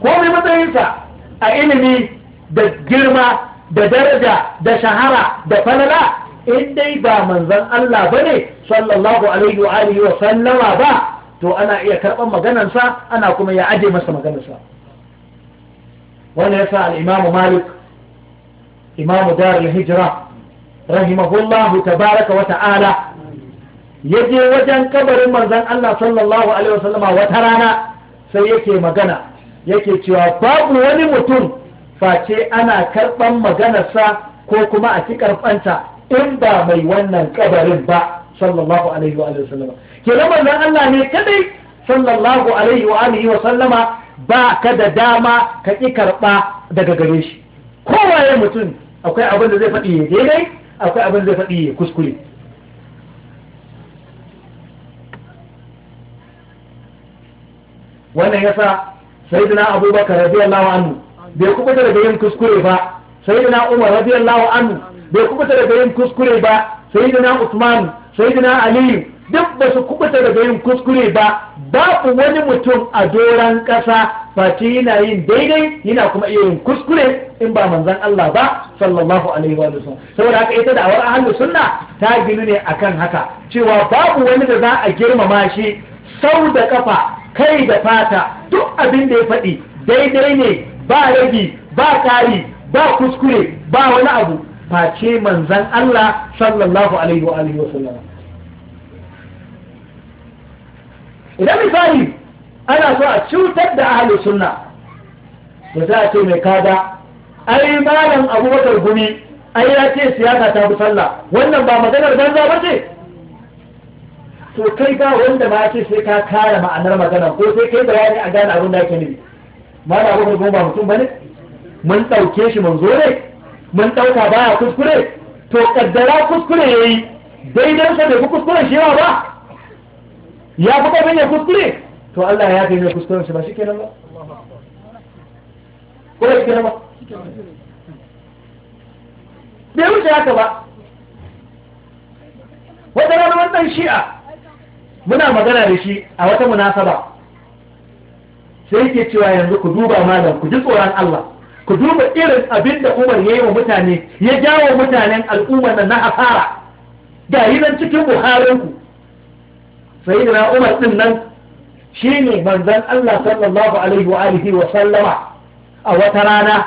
Ko mai matsayinsa a ilimi da girma da daraja da shahara da falala in dai ba manzan Allah ba ne sallallahu alaihi wa alihi wa sallama ba to ana iya karɓar maganarsa ana kuma ya aje masa maganarsa wanda ya sa al'imamu malik imamu darul hijira rahimahullahu tabaraka wa ta'ala ya je wajen kabarin manzan Allah sallallahu alaihi wasallama wata rana sai yake magana yake cewa babu wani mutum face ana karɓan maganarsa ko kuma a ci karɓanta in ba mai wannan kabarin ba sallallahu alaihi wa sallama kenan manzan Allah ne kadai sallallahu alaihi wa sallama ba ka da dama ka ƙi karɓa daga gare shi kowaye mutum akwai abin da zai faɗi ya daidai akwai abin da zai faɗi ya kuskure wannan yasa sai dina abubakar radiyallahu anhu bai kubuta daga yin kuskure ba sai dina umar radiyallahu anhu bai kubuta daga yin kuskure ba sai dina usman sai dina aliyu duk ba su kubuta daga yin kuskure ba babu wani mutum a doron ƙasa face yana yin daidai yana kuma iya yin kuskure in ba manzan Allah ba sallallahu alaihi wa sallam saboda haka ita da awar ahlus sunna ta ginu ne akan haka cewa babu wani da za a girmama shi sau da kafa kai da fata duk abin da ya faɗi daidai ne ba rabi ba kari, ba kuskure ba wani abu face manzan Allah sallallahu alaihi wa sallam idan misali ana so a cutar da ahalus sunna da za a ce mai kada ai malam abubakar gumi ai ya ce siyasa ta fi sallah wannan ba maganar banza ba ce to kai ga wanda ma ce sai ka kare ma'anar magana ko sai kai bayani a gane abin da ake nufi da abubakar gumi ba mutum ne mun ɗauke shi mun zo mun ɗauka baya kuskure to ƙaddara kuskure yayi yi, daidansa bai fi kuskuren shi yawa ba ya fi ƙarfin ya kuskure to Allah ya fi mai kuskuren shi ba shi kenan ba ko da shi kenan ba bai wuce haka ba wata rana wannan shi'a muna magana da shi a wata munasaba sai ke cewa yanzu ku duba malam ku ji tsoron Allah ku duba irin abin da Umar ya yi wa mutane ya jawo mutanen al'ummar nan na asara ga yi nan cikin buharinku Sa'idina Umar ɗin nan shi shine manzon Allah sallallahu alaihi wa alihi wa sallama a wata rana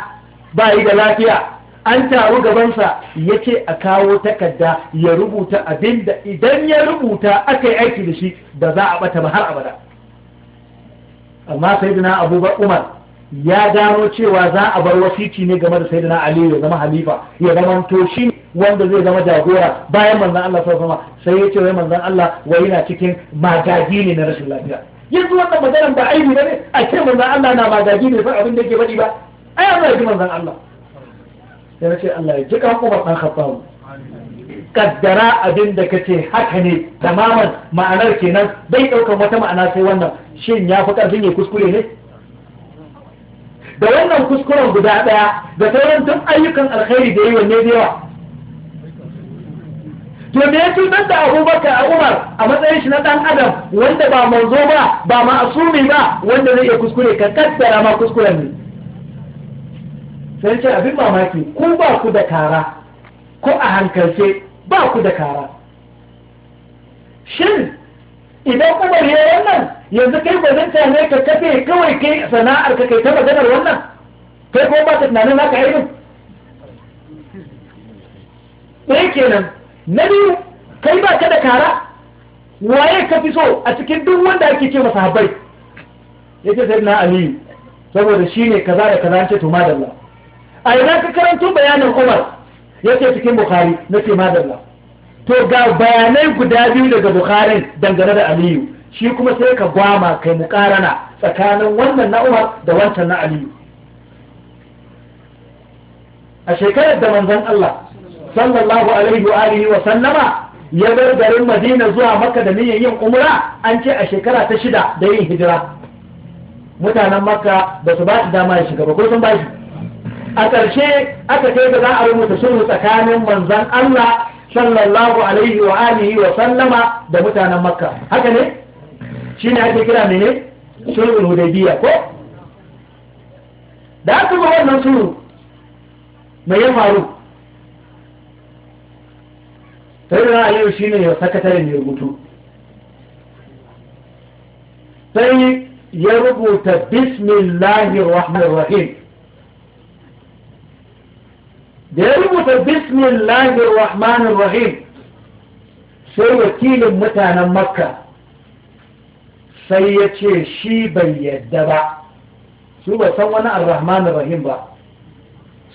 ba yi da lafiya an taru gabansa ya ce a kawo takarda ya rubuta abinda idan ya rubuta aka yi aiki da shi da za a ɓata ba har abada amma sa'idina abubakar umar ya gano cewa za a bar wasici ne game da sa'idina aliyu ya zama halifa ya zama shi wanda zai zama jagora bayan manzon Allah sallallahu sai ya ce wai manzon Allah wai yana cikin magagi ne na rashin lafiya yanzu wannan maganar ba aibi ne a ce manzon Allah na magagi ne fa abin da yake faɗi ba ai Allah ya ji manzon Allah sai na ce Allah ya ji ka kuma dan khattamu kaddara abin da kace haka ne tamaman ma'anar kenan bai ɗaukar wata ma'ana sai wannan shin ya fi ƙarfin ya kuskure ne da wannan kuskuren guda ɗaya da sauran duk ayyukan alkhairi da yi wanne da yawa to me ya cutar da abubakar a umar a matsayin shi na dan adam wanda ba manzo ba ba ma'asumi ba wanda zai iya kuskure ka kaddara ma kuskuren ne sai ce abin mamaki ku ba ku da kara ko a hankalce ba ku da kara shin idan umar ya wannan yanzu kai ba zan ne ka kafe kawai kai sana'ar ka kai ta maganar wannan kai kuma ba ka tunanin naka aibin ɗaya kenan na biyu kai ba ka da kara waye ka fi so a cikin duk wanda ake ce masa habai ya ce sai na aliyu saboda shi ne kaza da kaza ce to madalla a yana ka karanto bayanin umar ya ce cikin bukari na ce madalla to ga bayanai guda biyu daga bukarin dangane da aliyu shi kuma sai ka gwama kai mu mukarana tsakanin wannan na umar da wancan na aliyu a shekarar da manzon allah sallallahu alaihi wa alihi wa sallama ya bar garin madina zuwa makka da niyyar yin umra an ce a shekara ta shida da yin hijira mutanen makka ba su ba shi dama ya shiga ba ko sun ba shi a ƙarshe aka kai da za a rubuta sulhu tsakanin manzon Allah sallallahu alaihi wa alihi wa sallama da mutanen makka haka ne shine ake kira mene sulhul hudaybiya ko da aka ga wannan sulhu me ya faru sai da aliyu shi ne sakataren ya rubutu sai ya rubuta bismillahir rahmanir rahim da ya rubuta bismillahir rahmanir rahim sai wakilin mutanen makka sai ya ce shi bai yadda ba su ba san wani arrahmanir rahim ba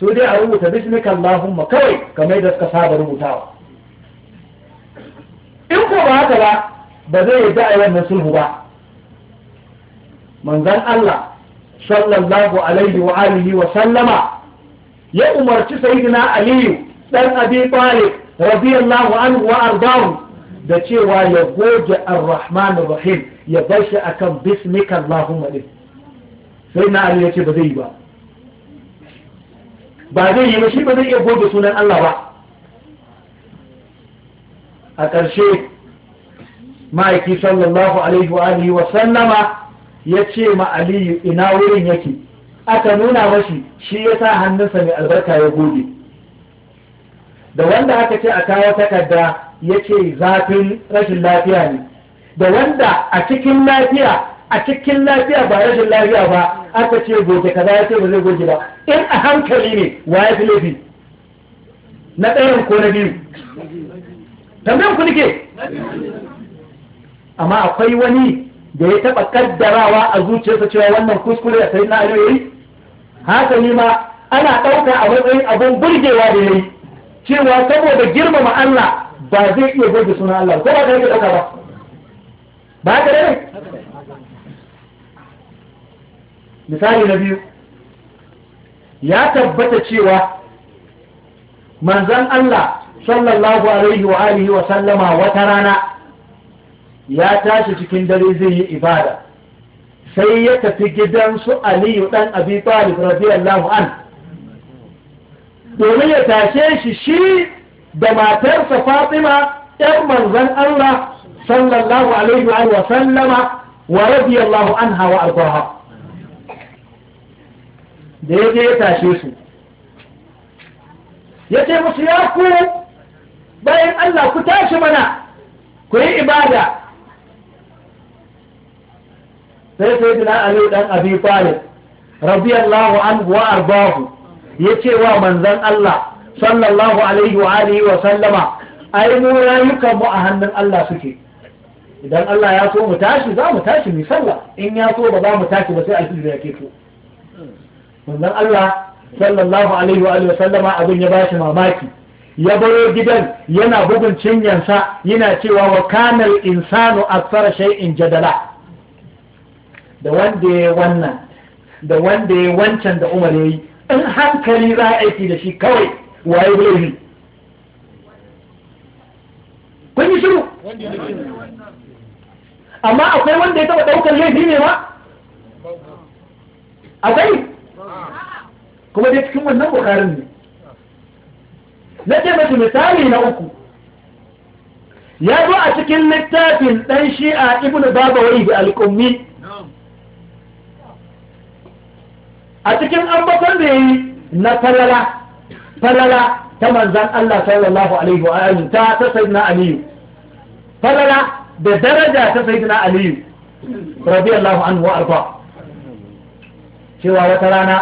su dai a rubuta bismika allahumma kawai kamar da suka saba rubutawa in ko ba haka ba ba zai yarda a wannan sulhu ba manzon Allah sallallahu alaihi wa alihi wa sallama ya umarci sayyidina aliyu dan abi talib radiyallahu anhu wa ardahu da cewa ya goge ar-rahman rahim ya bar shi akan bismika allahumma din sayyidina ali ya ce ba zai yi ba ba zai yi ba shi ba zai iya goge sunan Allah ba a ƙarshe ma'aiki sallallahu alaihi wa alihi wa sallama ya ce ma aliyu ina wurin yake aka nuna mashi shi ya sa hannunsa mai albarka ya goge da wanda aka ce a kawo takarda ya ce zafin rashin lafiya ne da wanda a cikin lafiya a cikin lafiya ba rashin lafiya ba aka ce goge kaza ya ce ba zai goge ba in a hankali ne wa ya fi laifi na ɗayan ko na biyu tambayan ku nike amma akwai wani da ya taɓa ƙaddarawa a zuciyarsa cewa wannan kuskure da sai na yi haka ni ma ana ɗauka a matsayin abin burgewa da ya yi cewa saboda girmama Allah ba zai iya goge suna Allah ko ba ka yi ɗauka ba ba haka misali na biyu ya tabbata cewa manzan Allah sallallahu alaihi wa alihi wa sallama wata rana ya tashi cikin dare zai yi ibada sai ya tafi gidan su aliyu dan abi talib radiyallahu an domin ya tashe shi shi da matarsa fatima ɗan manzon allah sallallahu alaihi wa sallama wa radiyallahu anha wa arbaha da ya je ya tashe su ya ce musu ya ku bayan Allah ku tashi mana ku yi ibada sai sai dina aliyu dan abi talib radiyallahu anhu wa arbahu yace wa manzon Allah sallallahu alaihi wa alihi wa sallama ai mu rayukan mu a hannun Allah suke idan Allah ya so mu tashi za mu tashi mu sallah in ya so ba za mu tashi ba sai alfil ya keto manzon Allah sallallahu alaihi wa alihi wa sallama abin ya bashi mamaki ya baro gidan yana bugun cinyansa yana cewa wa kanal insanu aksara shay'in jadala da wanda ya wannan da wanda ya wancan da umar ya yi in hankali za a aiki da shi kawai waye laifi kun yi shiru amma akwai wanda ya taba daukar laifi ne ba? akwai kuma dai cikin wannan bukarin ne na ce mace misali na uku ya zo a cikin littafin ɗan shi'a ibn babawai al alƙummi a cikin ambatar da yi na falala falala ta manzan Allah sallallahu alaihi wa alihi ta ta sayyidina aliyu falala da daraja ta sayyidina aliyu radiyallahu anhu wa arda cewa wata rana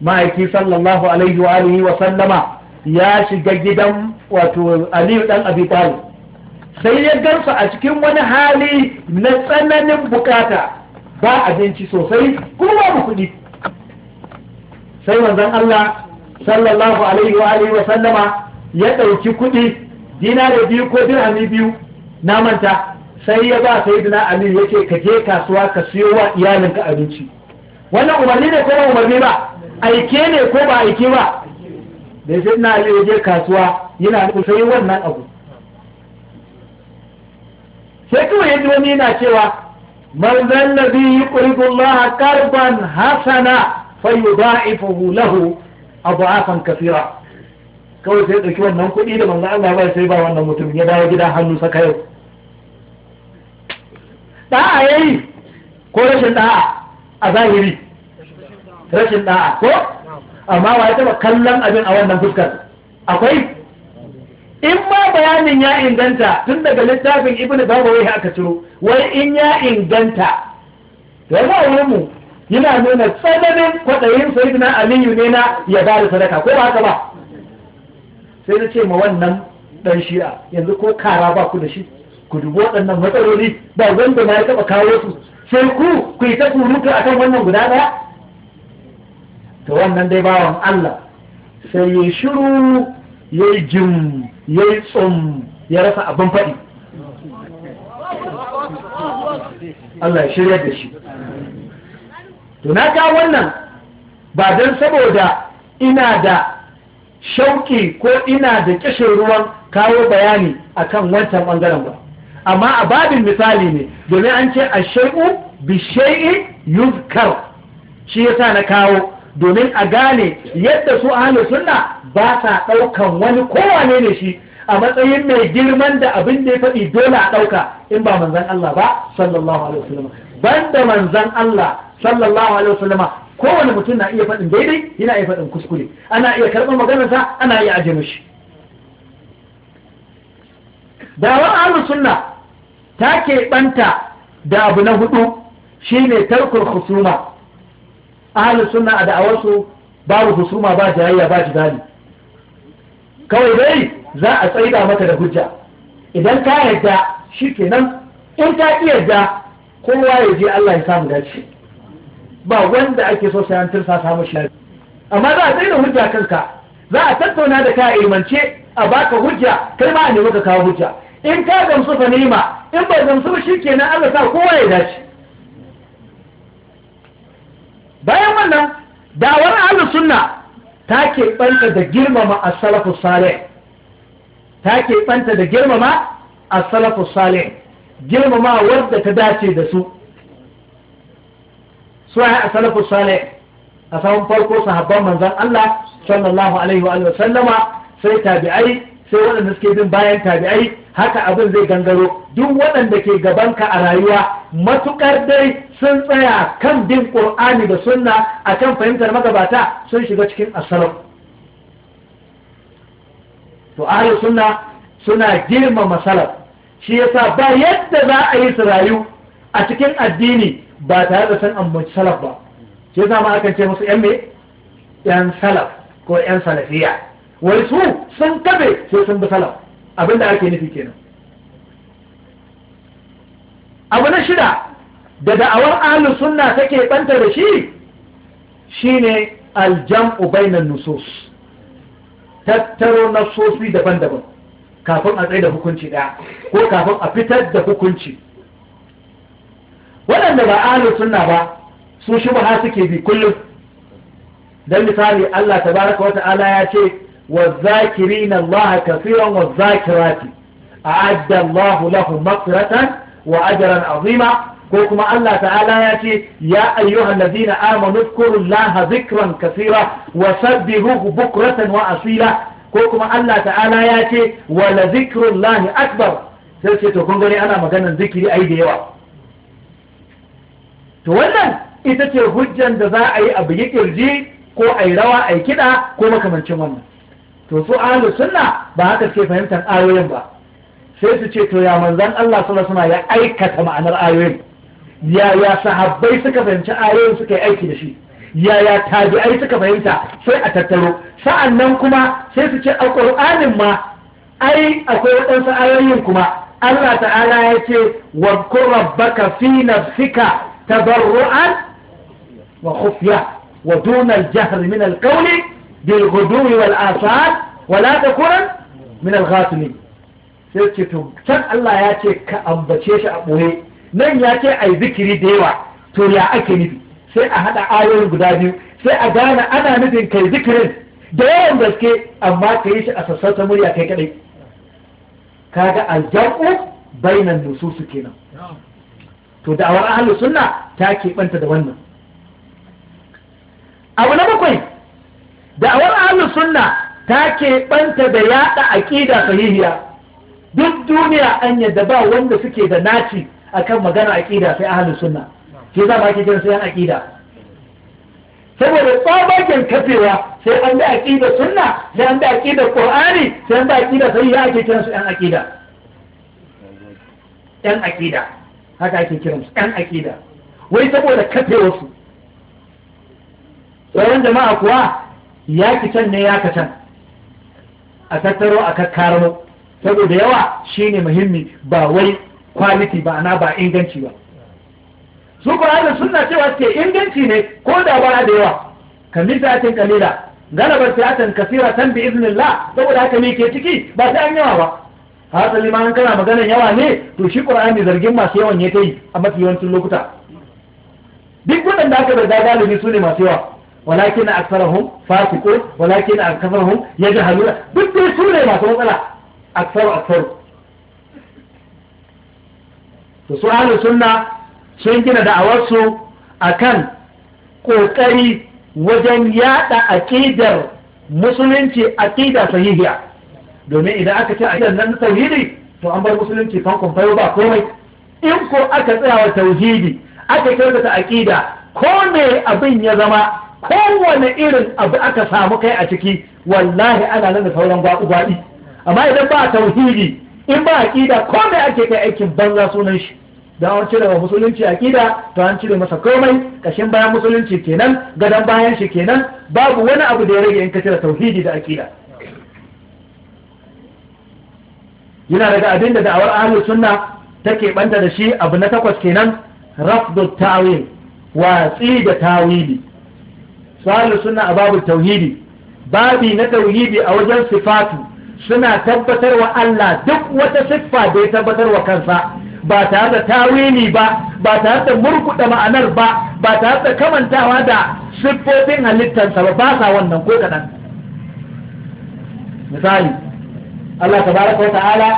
ma'aiki sallallahu alaihi wa alihi wa sallama ya shiga gidan wato aliyu dan abi talib sai ya gansa a cikin wani hali na tsananin bukata ba abinci sosai kuma babu kuɗi sai manzon Allah sallallahu alaihi wa alihi wa sallama ya ɗauki kuɗi dina da biyu ko dirhami biyu na manta sai ya ba sayyidina Ali yake ka je kasuwa ka siyo wa iyalinka abinci wannan umarni ne ko ba umarni ba aike ne ko ba aike ba da sai na ya je kasuwa yana nufin sai wannan abu sai kuma yanzu wani yana cewa man zan ladhi yuqridu Allah qarban hasana fayudha'ifuhu lahu adha'afan kathira kawai sai dauki wannan kuɗi da manzo Allah bai sai ba wannan mutum ya dawo gida hannu saka yau da'a yayi ko rashin ɗa'a a zahiri rashin da'a ko amma wa ya taba kallon abin a wannan fuskar akwai in ma bayanin ya inganta tun daga littafin ibn babawai aka ciro wai in ya inganta da ya mu yana nuna tsananin kwaɗayin sayyidina aliyu ne na ya ba da sadaka ko ba haka ba sai na ce ma wannan dan shi'a yanzu ko kara ba ku da shi ku dubo waɗannan matsaloli ba wanda ma ya taba kawo su sai ku ku yi ta surutu akan wannan guda ɗaya to wannan dai bawan Allah sai ya shiru ya yi jim ya yi tsum ya rasa abin faɗi Allah ya shirya da shi to na ga wannan ba don saboda ina da shauki ko ina da kishin ruwan kawo bayani a kan wancan ɓangaren ba amma a babin misali ne domin an ce a shai'u bi yuzkar shi yasa na kawo domin a gane yadda su ahlu sunna ba sa ɗaukan wani kowane ne shi a matsayin mai girman da abin da ya faɗi dole a ɗauka in ba manzan Allah ba sallallahu alaihi wasallam banda manzan Allah sallallahu alaihi wasallam kowane mutum na iya faɗin daidai yana iya faɗin kuskure ana iya karɓar maganarsa ana iya ajiye shi. dawar ahlus sunna ta ɓanta da abu na hudu shine tarkul husuma ahalin suna a da'awarsu babu husuma ba jayayya ba jidali kawai dai za a tsaida mata da hujja idan ka yarda shi kenan in ka yarda kowa ya je Allah ya samu dace ba wanda ake so sai an tursa samu shi amma za a tsaida hujja kanka za a tattauna da ka ilmance a baka hujja kai ma a nemi ka kawo hujja in ka gamsu fa nema in ba gamsu ba shi kenan Allah sa kowa ya dace bayan wannan dawar ahlus sunna ta ke banta da girmama as-salafu salih ta ke banta da girmama as-salafu salih girmama wadda ta dace da su su ai as-salafu salih a samun farko sahabban manzon Allah sallallahu alaihi wa sallama sai tabi'ai sai waɗanda suke bin bayan tabi'ai haka abin zai gangaro duk waɗanda ke gabanka a rayuwa matukar dai sun tsaya kan bin ƙur'ani da sunna a kan fahimtar magabata sun shiga cikin asalaf to ahli sunna suna girmama salaf shi yasa ba yadda za a yi su rayu a cikin addini ba tare da san ambaci salaf ba shi yasa ma akan ce musu yan me yan salaf ko yan salafiyya wai su sun tabe sai sun bi salaf abin da ake nufi kenan abu na shida da da'awar ahlu sunna take banta da shi shine aljam'u bainan nusus tattaro nasosi daban-daban kafin a tsaye da hukunci ɗaya ko kafin a fitar da hukunci waɗanda ba ahlu sunna ba su shubha suke bi kullum dan misali Allah tabaraka wa ta'ala ya ce والذاكرين الله كثيرا والذاكرات أعد الله لهم مغفرة وأجرا عظيما كما الله تعالى يأتي يا أيها الذين آمنوا اذكروا الله ذكرا كثيرا وسبهوه بكرة وأصيلا كما الله تعالى يأتي ولذكر الله أكبر sai to kun gani ana maganar zikiri ai da yawa to wannan ita ce hujjan da za a yi abu yi kirji ko a yi rawa a yi kiɗa ko makamancin wannan to su ahlus sunna ba haka suke fahimtar ayoyin ba sai su ce to ya manzan Allah sallallahu alaihi ya aikata ma'anar ayoyin ya ya sahabbai suka fahimci ayoyin suka yi aiki da shi ya ya tabi'ai suka fahimta sai a tattaro sa'annan kuma sai su ce a qur'anin ma ai akwai waɗansu ayoyin kuma Allah ta'ala ya ce wa rabbaka fi nafsika tabarru'an wa khufya wa duna jahr min al bilhudu wal asad wala takunan min al sai ce to can Allah ya ce ka ambace shi a ɓoye nan ya ce ai zikiri da yawa to ya ake nufi sai a haɗa ayoyin guda biyu sai a gane ana nufin kai zikirin da yawan gaske amma ka yi shi a sassauta murya kai kadai kaga aljabu bainan nususu kenan to da'awar ahlu sunna ta keɓanta da wannan abu na bakwai da'awar ahlus sunna ta keɓanta da yaɗa aƙida sahihiya duk duniya an yadda ba wanda suke da naci akan magana aƙida sai ahlus sunna ke za ba ke jin sai aƙida saboda tsabagen kafewa sai an da aƙida sunna sai an da aƙida ƙur'ani, sai an da aƙida sahihiya ake kiran su yan aƙida yan aƙida haka ake kiran su yan aƙida wai saboda kafewa su sauran jama'a kuwa ya ki can ne ya can a tattaro a kakkarmo saboda yawa shine muhimmi ba wai kwaliti ba ana ba inganci ba su ƙwararra suna cewa suke inganci ne ko da ba da yawa kamin satin kalila galabar siyatan kasira tan bi iznillah saboda haka ne ke ciki ba sai an yawa ba A ma an kana maganar yawa ne to shi qur'ani zargin masu yawan ya ta yi a mafi yawancin lokuta duk waɗanda aka zarga galibi su ne masu yawa walakin aksarahum fasiqun walakin aksarahum yajhaluna duk dai su ne masu matsala aksaru aksaru to su sunna sun gina da'awarsu akan ƙoƙari wajen yada aqidar musulunci aqida sahihiya domin idan aka ce aqidar nan tauhidi to an bar musulunci fankon fayo ba komai in ko aka tsaya wa tauhidi aka kyautata aqida ko me abin ya zama kowane irin abu aka samu kai a ciki wallahi ana nan da sauran gwaɗi amma idan ba tauhidi in ba aƙida ko mai ake kai aikin banza sunan shi da an cire wa musulunci aƙida to an cire masa komai ƙashin bayan musulunci kenan gadon bayan shi kenan babu wani abu da ya rage in ka cire tauhidi da aƙida yana daga abin da da'awar ahlus sunna take banta da shi abu na takwas kenan rafdu tawil watsi da tawili su suna a babu tauhidi babi na tauhidi a wajen sifatu suna tabbatar wa Allah duk wata siffa da ya tabbatar wa kansa ba tare da tawili ba ba tare da murkuɗa ma'anar ba ba tare da kamantawa da siffofin halittarsa ba ba sa wannan ko kaɗan misali Allah tabaraka wa ta'ala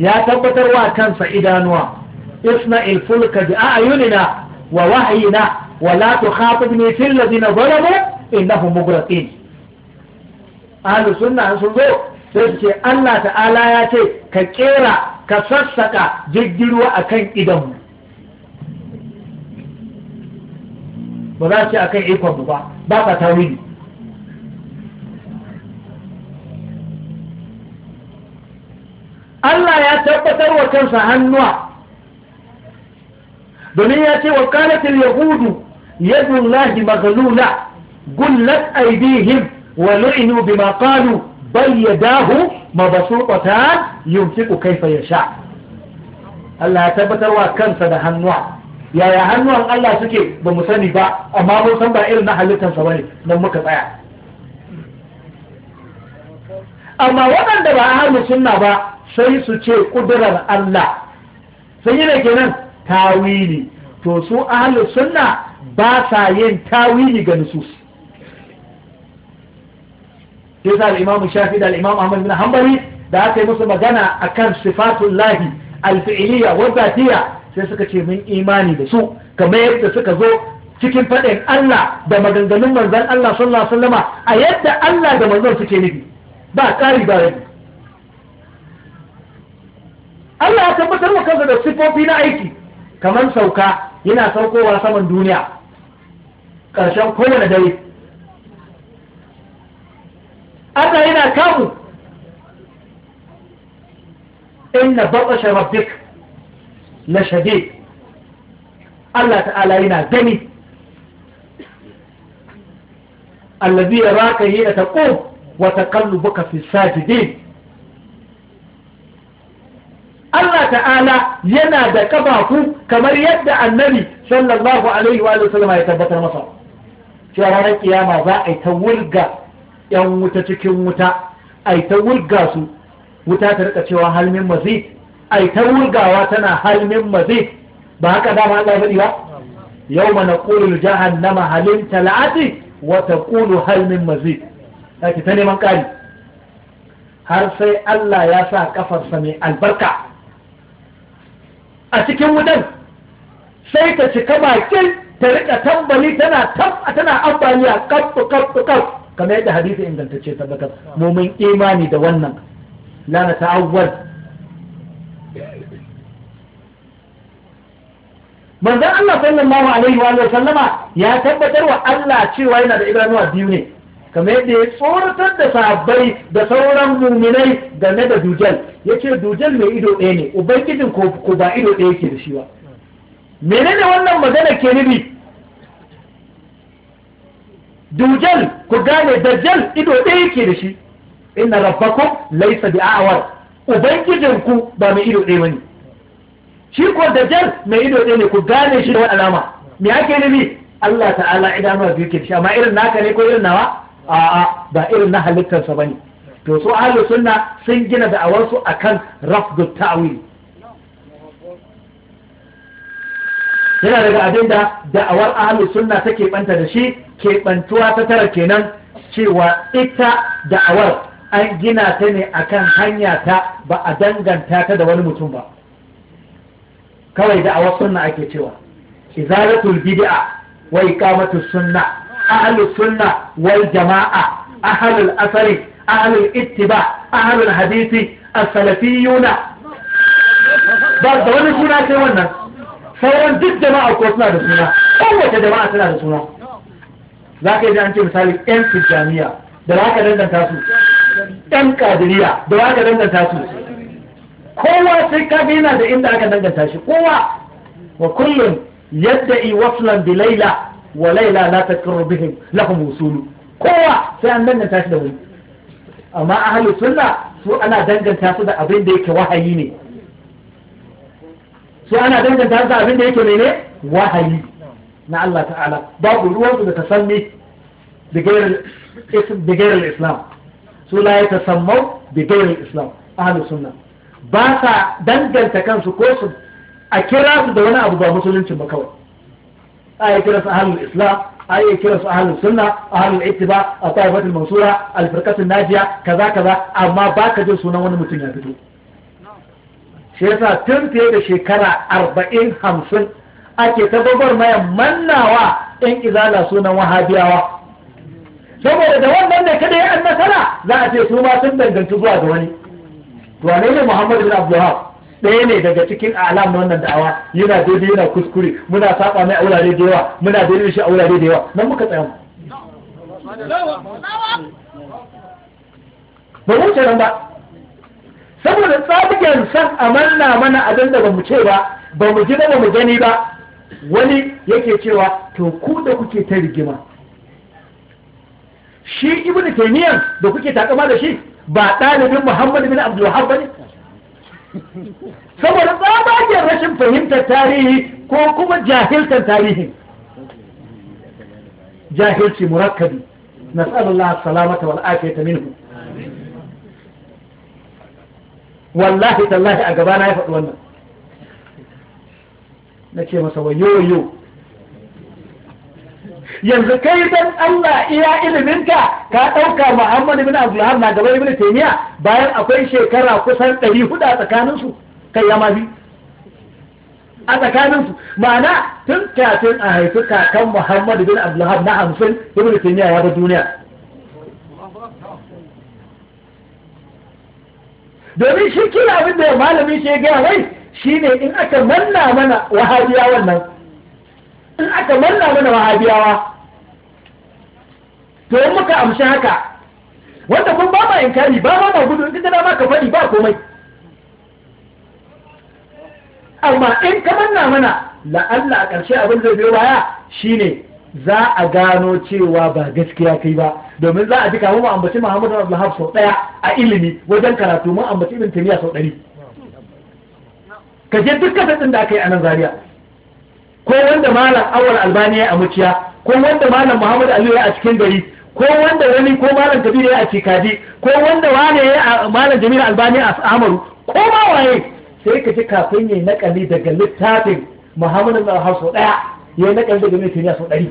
ya tabbatar wa kansa idanuwa isna ilfulka bi a'yunina wa wahyina wala tukhatibni fil ladina zalamu innahum mughraqin ahlu sunna sun zo sai su ce Allah ta'ala ya ce ka kera ka sassaka jirgirwa akan idanmu ba za su ba ba Allah ya tabbatar wa kansa hannuwa domin ya ce wa kalatil yahudu يد الله مغلولة قلت أيديهم ولعنوا بما قالوا بل يداه مبسوطتان يمسك كيف يشاء Allah ya tabbatarwa kansa da hannuwa yaya hannuwan Allah suke ba mu sani ba amma mun san ba irin na halittarsa bane nan muka tsaya amma waɗanda ba a ahlus sunna ba sai su ce ƙudurar Allah sai yana kenan tawili to su ahlus sunna ba sa yin tawili ga nusus sai sa al-imam shafi da al-imam ahmad bin hanbali da aka yi musu magana akan sifatul lahi al-fi'liya wa zatiyya sai suka ce mun imani da su kamar yadda suka zo cikin faɗin Allah da maganganun manzon Allah sallallahu alaihi wasallama a yadda Allah da manzon suke nufi ba ƙari ba rabi Allah ya tabbatar wa kansa da sifofi na aiki kamar sauka yana saukowa saman duniya ƙarshen kowane dare Allah yana kamu inna batsashe rabbik na shade Allah ta'ala yana gani allazi yaraka yi da taqum wa taqallubuka fi sajidin Allah ta'ala yana da kafafu kamar yadda annabi sallallahu alaihi wa sallam ya tabbatar masa cewa ranar kiyama za a yi ta wulga yan wuta cikin wuta a yi ta wulga su wuta ta rika cewa halmin mazid a yi ta wulgawa tana halmin mazid ba haka dama Allah ya ba yau mana kulul jahannama halin talati wa ƙulu halmin mazid ki ta neman ƙari har sai Allah ya sa kafarsa mai albarka a cikin wutan sai ta cika bakin ta rika tambali tana tana ambaliya kaf kaf kaf kamar yadda hadisi ingantacce tabbatar mu mun imani da wannan la na ta'awwal manzon Allah sallallahu alaihi wa sallama ya tabbatar wa Allah cewa yana da idanuwa biyu ne kamar yadda ya tsoratar da sahabbai da sauran muminai game da dujal ya ce dujal mai ido ɗaya ne ubangijin ko ba ido ɗaya yake da shi ba menene wannan magana ke nufi dujal ku gane dajjal ido ɗaya yake da shi inna rabbakum laysa awar ubangijinku ba mai ido ɗaya bane shi ko dajjal mai ido ɗaya ne ku gane shi da wani alama me ake nufi Allah ta'ala idanuwa biyu ke da shi amma irin naka ne ko irin nawa a'a ba irin na halittarsa bane to su ahlus sunna sun gina da'awarsu akan rafdu ta'wil yana daga abin da da'awar ahlus sunna ta keɓanta da shi keɓantuwa ta tara kenan cewa ita da'awar an gina ta ne akan hanya ta ba a danganta ta da wani mutum ba kawai da'awar sunna ake cewa izalatul bid'a wa iqamatus sunna ahlus sunna wal jama'a ahlul asari ahlul ittiba ahlul hadisi as-salafiyuna ba da wani suna ce wannan sauran duk jama'a ko suna da suna kowace jama'a suna da suna za ka yi an ce misali yan tijjaniya da za ka danganta su yan kadiriya da za ka danganta su kowa sai ka yana da inda aka danganta shi kowa wa kullum yadda i waslan bi laila wa laila la takru bihim lahum usulu kowa sai an danganta shi da wani amma ahli sunna su ana danganta su da abin da yake wahayi ne sai ana danganta sa abin da yake nene wahayi na Allah ta'ala babu ruwansu da tasammi da gairar islam su la ya tasammau da gairar islam ahlu sunna ba sa danganta kansu ko su a kira su da wani abu ba musuluncin ba kawai a ya kira su ahlul islam a ya kira su ahlul sunna ahlul ittiba a ta'ifatul mansura al najiya kaza kaza amma ba ka jin sunan wani mutum ya fito shi yasa tun fiye da shekara arba'in hamsin ake ta mayan mannawa yan izala sunan wahabiyawa saboda da wannan ne kada ya an nasara za a ce su ma sun danganci zuwa ga wani wane ne muhammad bin abdullahi ɗaya ne daga cikin alam na wannan da'awa yana daidai yana kuskure muna saba mai a wurare da yawa muna daidai shi a wurare da yawa nan muka tsaya ba mu nan ba saboda tsabigen san amanna mana abin da ba mu ce ba ba mu ji ba mu gani ba wani yake cewa to ku da kuke ta rigima shi Ibn taymiyan da kuke takama da shi ba ɗalibin muhammad bin abdul ba ne saboda tsabagen rashin fahimtar tarihi ko kuma jahiltar tarihi jahilci murakkabi nas'alullah salamata wal afiyata minhu wallahi tallahi a gaba na ya faɗi wannan na ce masa wayo yanzu kai dan Allah iya iliminka ka ɗauka Muhammad ibn Abdullah na gaba ibn Taymiya bayan akwai shekara kusan 400 a tsakaninsu kai ya mafi a tsakaninsu ma'ana tun kafin a haifi kakan Muhammad ibn Abdullah na hamsin ibn Taymiya ya bar duniya domin shi kila abin da malami shi ya gaya mai ne in aka manna mana wahabiya wannan in aka manna mana wahabiyawa to in muka amshi haka wanda kun ba ma inkari ba ma ma gudu inda dama ka faɗi ba komai amma in ka manna mana la'alla a ƙarshe abin zai biyo baya shi ne. za a gano cewa ba gaskiya kai ba domin za a ji kamar mu ambaci Muhammad bin Abdul sau daya a ilimi wajen karatu mu ambaci Ibn Taymiyyah sau ɗari ka je duk kasafin da aka yi a nan Zaria ko wanda malam Awal Albani ya amuciya ko wanda malam Muhammad Ali ya a cikin gari ko wanda wani ko malam Kabiru ya a Cikadi ko wanda wane ya malam Jamil Albani a Amaru ko ma waye sai ka ji kafin yayi nakali daga littafin Muhammad bin Abdul sau daya ya yi naƙar daga mai sau ɗari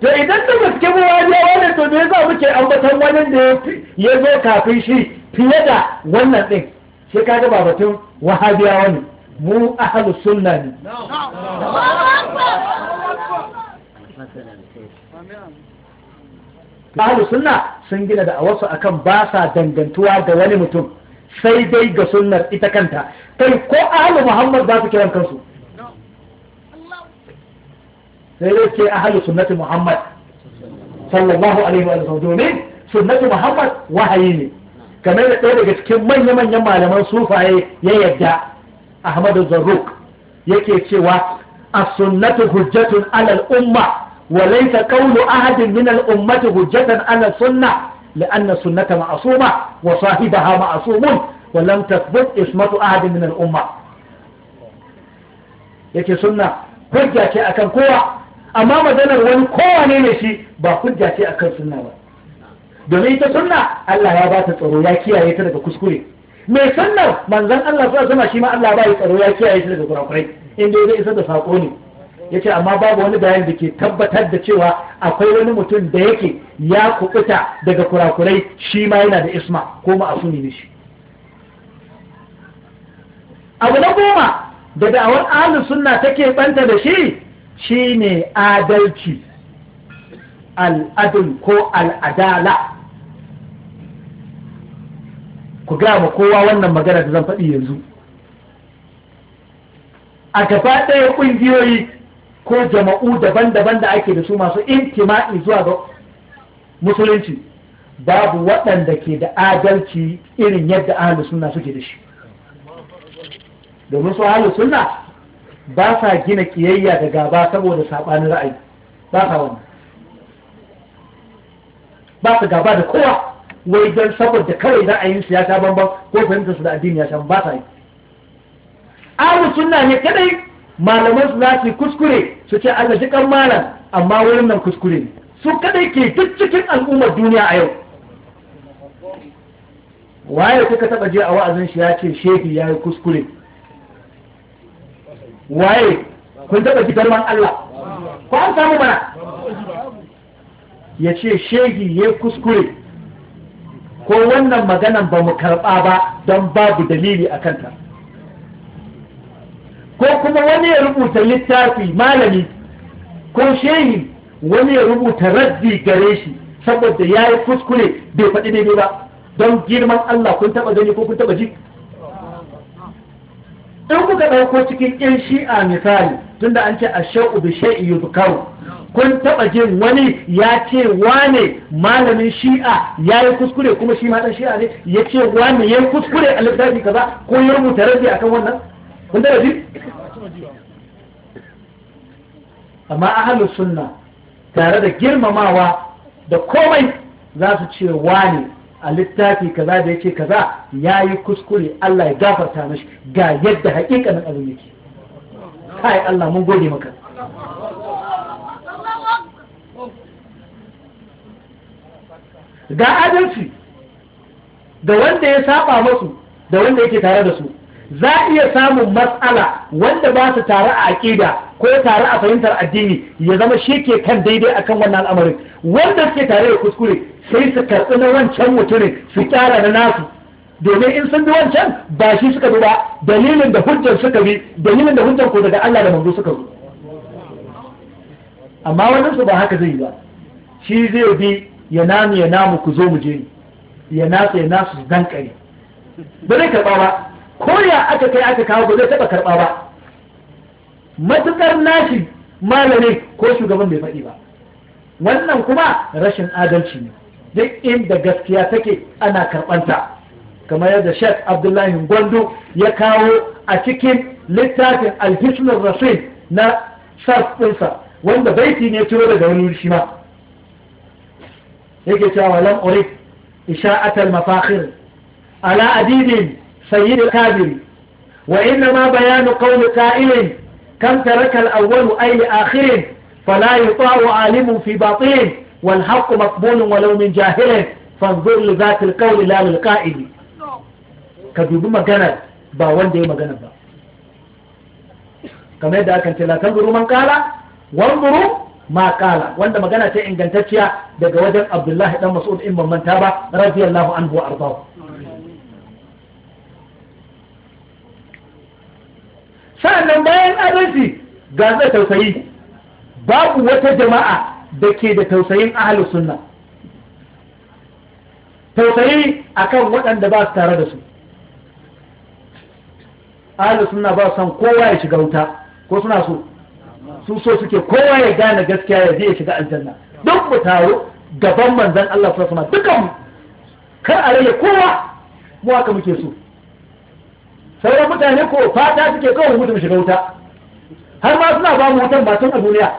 to idan da gaske mu wajen ya wani to ya muke ambatan wani da ya zo kafin shi fiye da wannan ɗin sai ka ga babatun wahabiya wani mu ahalu sunna ne ahalu sunna sun gina da a wasu akan ba sa dangantuwa da wani mutum sai dai ga sunnar ita kanta kai ko ahalu muhammad ba su kiran kansu sai dai ce ahalu sunnati muhammad sallallahu alaihi wa sallam domin sunnati muhammad wahayi ne kamar da ɗaya daga cikin manya-manyan malaman sufaye ya yadda ahmadu zarruk yake cewa as-sunnatu hujjatun alal umma wa laysa qawlu ahadin min al-ummati hujjatan ala sunnah لأن السنة معصومة وصاحبها معصوم ولم تثبت اسمة أحد من الأمة yake sunna hujja ce akan kowa amma maganar wani kowane ne shi ba hujja ce akan sunna ba domin ita sunna Allah ya ba ta tsaro ya kiyaye ta daga kuskure mai sunnar manzon Allah sallallahu alaihi shi ma Allah ba ya tsaro ya kiyaye ta daga kurakurai inda zai isa da sako ne yace amma babu wani bayani da ke tabbatar da cewa akwai wani mutum da yake ya kubuta daga kurakurai shi ma yana da isma ko ma'asuni ne shi abu na goma da da'awar ahlus sunna take banta da shi Shi ne adalci al'adun ko al'adala ku gama kowa wannan magana da zan faɗi yanzu a gaba ɗaya ƙungiyoyi ko jama'u daban-daban da ake da su masu intima'i zuwa ga musulunci babu waɗanda ke da adalci irin yadda ahalusunna suna suke da shi domin su ahalusunna sunna ba sa gina kiyayya da gaba saboda saɓanin ra'ayi ba sa wani. ba sa gaba da kowa wai don saboda kawai ra'ayin su ya sha bambam ko fahimtar su da addini ya sha ba sa yi ahlus sunna ne kadai malaman su za su kuskure su ce Allah shi kan malam amma wurin nan kuskure ne su kadai ke duk cikin al'ummar duniya a yau waye kuka taɓa je a wa'azin shi ya ce shehi ya yi kuskure waye kun taɓa kalman Allah ko an samu mana ya ce shegi ya kuskure ko wannan maganan ba mu karɓa ba don babu dalili a kanta ko kuma wani ya rubuta littafi malami ko shehi wani ya rubuta raddi gare shi saboda ya yi kuskure bai faɗi daidai ba don girman Allah kun taɓa gani ko kun taɓa ji in kuka ɗauko cikin 'yan shi'a misali tunda an ce ashau bi shay'i kun taɓa jin wani ya ce wane malamin shi'a ya yi kuskure kuma shi ma ɗan shi'a ne ya ce wane ya yi kuskure a littafi kaza ko ya rubuta rabi akan wannan kun da ji amma ahlus sunna tare da girmamawa da komai za su ce wane a littafi kaza da yake kaza ya yi kuskure Allah ya gafarta mashi ga yadda hakikanin abin yake kai Allah mun gode maka ga adalci da wanda ya saba masu da wanda yake tare da su za a iya samun matsala wanda ba su tare a aƙida ko tare a fahimtar addini ya zama shi ke kan daidai akan wannan al'amarin wanda suke tare da kuskure sai su karɓi na wancan mutumin su kyara na nasu domin in sun bi wancan ba shi suka bi ba dalilin da hujjar suka bi dalilin da hujjar ko daga Allah da manzo suka zo amma wannan su ba haka zai yi ba shi zai bi ya namu ya namu ku zo mu je ya nasu ya nasu dan kare ba zai karɓa ba ko ya aka kai aka kawo ba zai taɓa karɓa ba matukar nashi malami ko shugaban bai faɗi ba wannan kuma rashin adalci ne duk inda gaskiya take ana karɓanta kamar yadda Sheikh Abdullahi Gwandu ya kawo a cikin littafin Alhislul Rasul na sarf ɗinsa wanda baiti ne ciro daga wani shi ma yake cewa lam urid isha'atal mafakhir ala adidin sayyid al-kabir wa inna ma bayanu qawl qa'ilin kam taraka al-awwal ay akhirin fala yuta'u alimun fi batin والحق مقبول ولو من جاهل فانظر لذات القول لا للقائل كذب مغنى با وند مغنى با kamar yadda aka ce la tanzuru man kala wanzuru ma kala wanda magana ta ingantacciya daga wajen Abdullahi dan Mas'ud in ban manta ba radiyallahu anhu arda sannan bayan adalci ga zai tausayi babu wata jama'a da ke da tausayin ahalu sunna tausayi akan waɗanda ba su tare da su ahalu sunna ba son kowa ya shiga wuta ko suna so su so suke kowa ya gane gaskiya ya zai shiga aljanna duk mu taro gaban manzan Allah su alaihi dukan kar a rage kowa mu haka muke so sauran mutane ko fata suke kawai mutum shiga wuta har ma suna ba mu wutan ba tun a duniya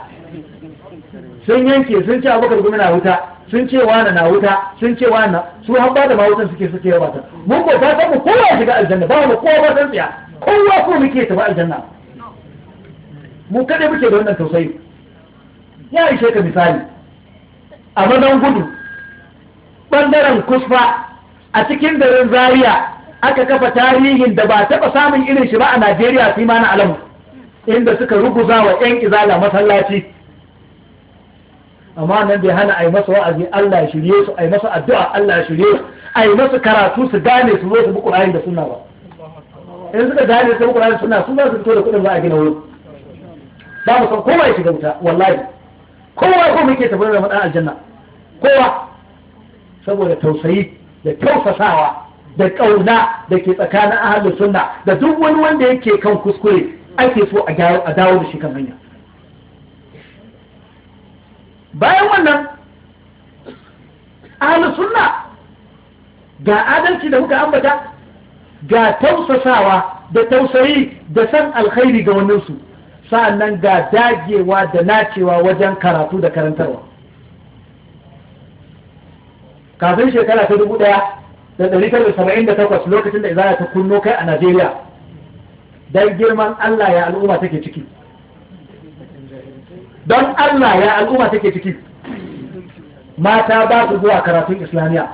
sun yanke sun ce abubakar gumi na wuta sun ce wani na wuta sun ce wani na su har ba da ma wutan suke suke yawa ta mun ko ta samu kowa shiga aljanna ba mu kowa ba san tsaya kowa ko muke tafi aljanna mu kada muke da wannan tausayi ya ishe ka misali a madan gudu bandaran kusfa a cikin garin zaria aka kafa tarihin da ba taɓa samun irin shi ba a najeriya sai ma na alamu inda suka ruguza wa 'yan izala masallaci amma nan bai hana a yi masa wa'azi Allah ya shirye su a yi masa addu'a Allah ya shirye su a yi masa karatu su gane su zo su bi Qur'ani da sunna ba in suka gane su bi Qur'ani da sunna su za su fito da kuɗin za a gina wurin za mu san kowa ya shiga wuta wallahi kowa ko muke tafiya da madan aljanna kowa saboda tausayi da tausasawa da kauna da ke tsakanin ahlus sunna da duk wani wanda yake kan kuskure ake so a dawo da shi kan hanya bayan wannan ahlus sunna ga adalci da muka ambata ga tausasawa da tausayi da san alkhairi ga sa'an nan ga dagewa da nacewa wajen karatu da karantarwa kafin shekara ta dubu ɗaya da ɗari da saba'in da takwas lokacin da izaya ta kunno kai a najeriya don girman allah ya al'umma take ciki don Allah ya al'umma take ciki mata ba su zuwa karatun islamiyya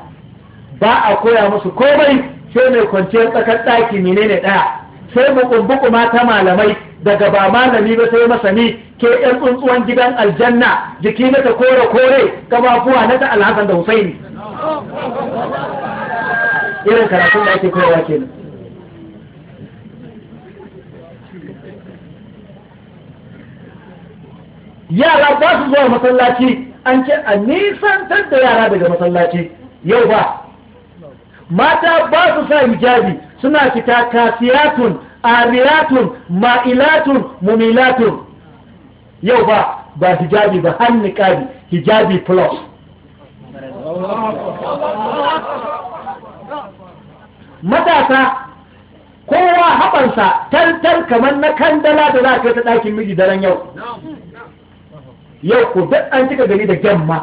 ba a koya musu komai sai mai kwanciyar tsakar ɗaki menene ɗaya sai bukumbuku mata malamai daga ba malami ba sai masani ke yan tsuntsuwan gidan aljanna jiki na ta kore kore kuwa na ta alhassan da husaini irin karatun da ake koyawa kenan yara ba su zuwa masallaci an ce a nisantar da yara daga masallaci yau ba mata ba su sa hijabi suna fita kasiyatun ariyatun ma'ilatun mumilatun yau ba ba hijabi ba har niqabi hijabi plus matasa kowa haɓansa tantar kamar na kandala da za ka ta ɗakin miji daren yau yau ku duk an cika gari da gyamma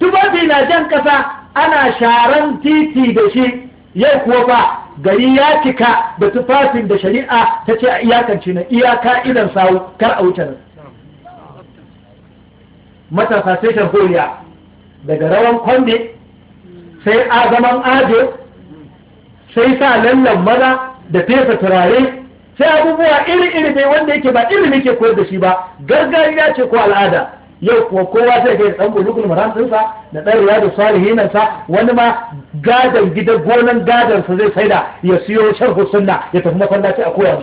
tufafi na jan kasa ana sharan titi da shi yau kuwa fa gari ya cika da tufafin da shari'a ta ce a iyakance na iyaka idan sawu kar a wuce matasa sai sharholiya daga rawan kwande sai azaman ajo sai sa lallan maza da fesa turare sai abubuwa iri-iri ne wanda yake ba ilimi ke koyar da shi ba gargajiya ce ko al'ada yau kuwa kowa zai ga dan bulugul maram sa da dan riyadu salihin sa wani ma gadan gidan gonan gadan sa zai saida ya siyo sharhu sunna ya tafi masallaci a koyar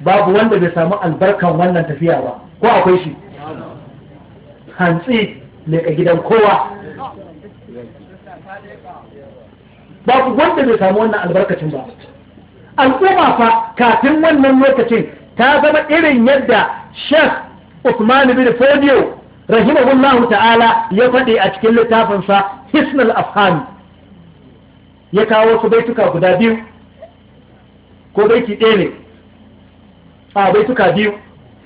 babu wanda bai samu albarkan wannan tafiya ba ko akwai shi hantsi ne ga gidan kowa babu wanda bai samu wannan albarkacin ba al'umma fa kafin wannan lokacin ta zama irin yadda shek Usman bin Fodio rahimahullahu ta'ala ya faɗi a cikin littafinsa Hisnal Afham ya kawo su baituka guda biyu ko baiti ɗaya ne a baituka biyu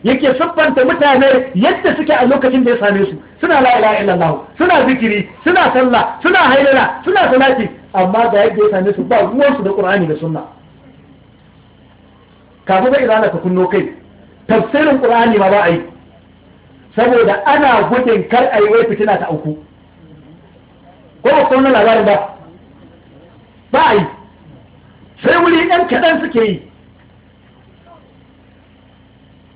yake siffanta mutane yadda suke a lokacin da ya same su suna la suna zikiri suna sallah suna hailala suna salati amma ga yadda ya same su ba ruwansu da qur'ani da sunna kafin da izala ka kunno kai tafsirin ƙur'ani ma ba a yi saboda ana gudun kar a yi wai fitina ta auku ko ba kuma labarin ba ba a yi sai wuri ɗan kaɗan suke yi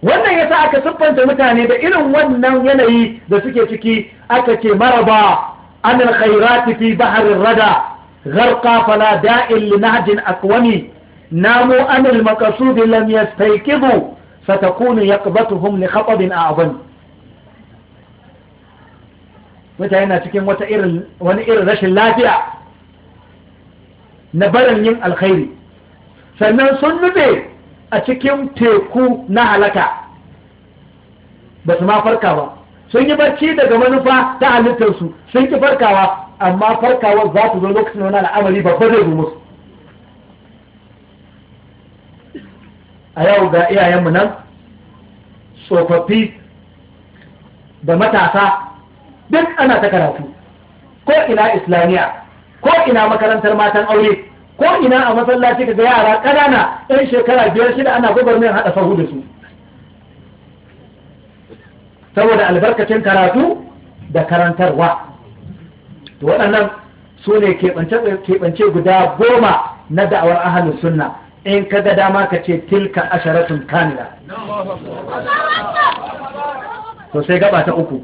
wannan yasa aka siffanta mutane da irin wannan yanayi da suke ciki aka ce maraba an alkhairati fi baharin rada غرقا فلا داء لنهج أقوم ناموا عن المقصود لم يستيقظوا فتكون يقظتهم لخطب أعظم mutane na cikin wata irin wani irin rashin lafiya na barin yin alkhairi sannan sun nube a cikin teku na halaka ba su ma farka ba sun yi barci daga manufa ta halittarsu sun ki farkawa amma farkawar za ta zo lokacin wani al'amari babba zai zo musu a yau ga iyayenmu nan tsofaffi da matasa duk ana ta karatu ko ina islamiyya ko ina makarantar matan aure ko ina a masallaci ga yara ƙanana ɗan shekara biyar shida ana gwagwarmayar haɗa sahu da su saboda albarkacin karatu da karantarwa to waɗannan su ne keɓance guda goma na da'awar ahalin sunna in ka ga dama ka ce tilka asharatun kamila to sai gaba ta uku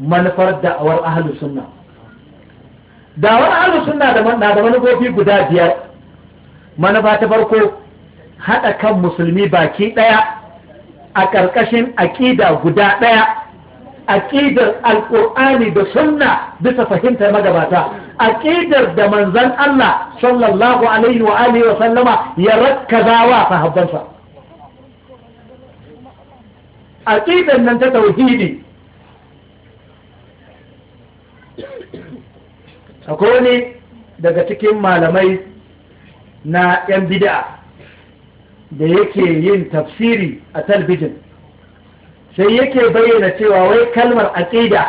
manufar da'awar ahalin sunna da'awar ahalin sunna na da manufofi guda biyar manufa ta farko haɗa kan musulmi baki ɗaya a ƙarƙashin aƙida guda ɗaya aƙidar alƙur'ani da sunna bisa fahimtar magabata aƙidar da manzan Allah sallallahu alaihi wa alihi wa sallama ya rakkazawa sahabbansa aƙidar nan ta tauhidi akwai wani daga cikin malamai na 'yan bid'a da yake yin tafsiri a talbijin sai yake bayyana cewa wai kalmar aqida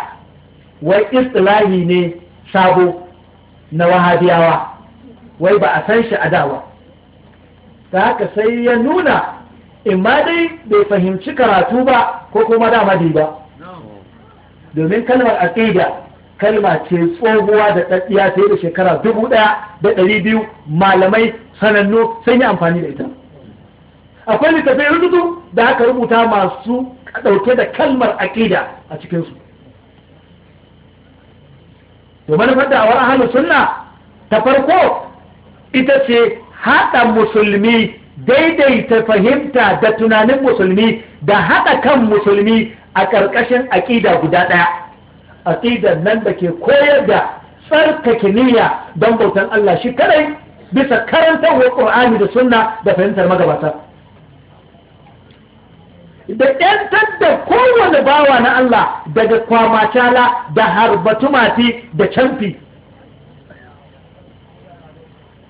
wai istilahi ne sabo na wahabiyawa wai ba a san shi a ta haka sai ya nuna imma dai bai fahimci karatu ba ko kuma da ba domin kalmar aqida kalma ce tsohuwa da tsakiya sai da shekara dubu ɗaya da ɗari biyu malamai sanannu sun yi amfani da ita akwai littattafai rubutu da aka rubuta masu ɗauke da kalmar aƙida a cikinsu to manufar wani ahalu sunna ta farko ita ce haɗa musulmi daidaita fahimta da tunanin musulmi da haɗa kan musulmi a ƙarƙashin aƙida guda ɗaya aƙidar nan da ke koyar da tsarkake niyya don bautan Allah shi kadai bisa wa ƙur'ani da sunna da fahimtar magabata da ‘yantar da kowane bawa na Allah daga kwamacala da harbatumati da canfi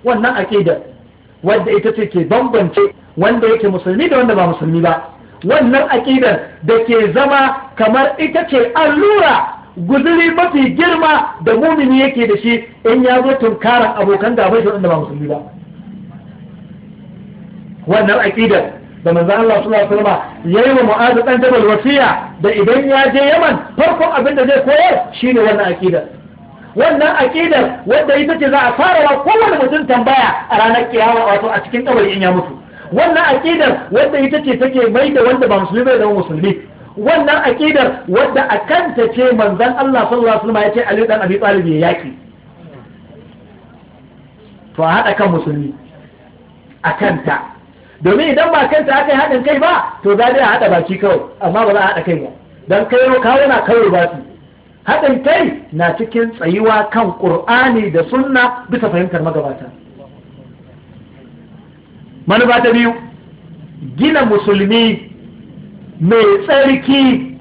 wannan aƙidar wadda ita ce ke bambance wanda yake musulmi da wanda ba musulmi ba wannan aƙidar da ke zama kamar ita ce allura guzuri mafi girma da mumini yake da shi in ya zo tunkarar abokan gaban shi wanda ba musulmi ba wannan aƙidar da manzan Allah sallallahu alaihi wasallam wa Mu'adh dan Jabal wasiya da idan ya je Yaman farkon abin da zai koyar shine wannan akidar wannan aƙidar wanda ita ce za a fara wa kowane mutum tambaya a ranar kiyama wato a cikin kabari in ya mutu wannan akidar wanda ita ce take mai da wanda ba musulmi bai zama musulmi wannan aƙidar wanda a kanta ce manzan Allah sallallahu alaihi wasallam ya ce Ali dan Abi Talib ya yaki to a haɗa kan musulmi a kanta domin idan ba kanta aka yi haɗin kai ba to za a haɗa baki kawai amma ba za a haɗa kai ba don kai kawo na kawai ba su haɗin kai na cikin tsayuwa kan ƙur'ani da sunna bisa fahimtar magabata manufa ta biyu gina musulmi mai tsarki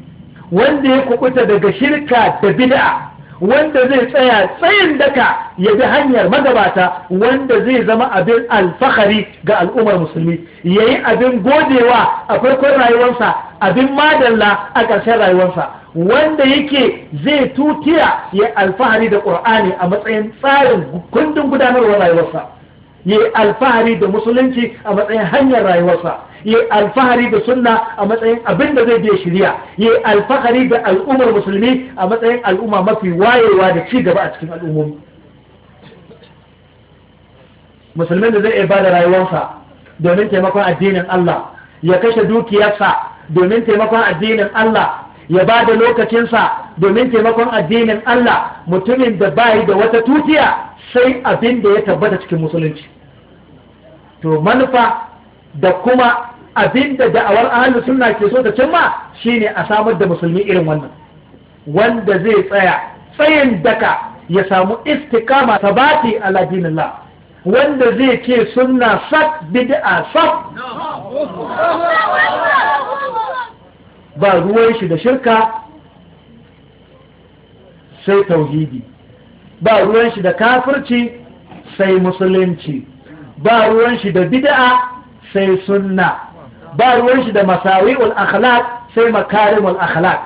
wanda ya kukuta daga shirka da bid'a wanda zai tsaya tsayin daka ya bi hanyar magabata wanda zai zama abin alfahari ga al'ummar musulmi ya yi abin godewa a farkon rayuwarsa abin madalla a ƙarshen rayuwarsa wanda yake zai tutiya ya alfahari da ƙur'ani a matsayin tsarin kundin gudanarwar rayuwarsa ya yi alfahari da musulunci a matsayin hanyar rayuwarsa ya yi alfahari da sunna a matsayin abin da zai je shirya ya yi alfahari da al'ummar musulmi a matsayin al'umma mafi wayewa da ci gaba a cikin al'ummomi musulmin da zai iya bada rayuwarsa domin taimakon addinin Allah ya kashe dukiyarsa domin taimakon addinin Allah ya ba da lokacinsa domin taimakon addinin Allah mutumin da bai da wata tutiya sai abin da ya tabbata cikin musulunci to manufa da kuma abin da da'awar ahalin suna ke so ta cimma shine a samar da musulmi irin wannan wanda zai tsaya tsayin daka ya samu istikama sabati ala dinillah wanda zai ce suna sak bid'a sak ba ruwan shi da shirka sai tauhidi ba ruwan shi da kafirci sai musulunci ba ruwan shi da bid'a sai sunna ba ruwan shi da masawi'ul akhlaq sai makarimul akhlaq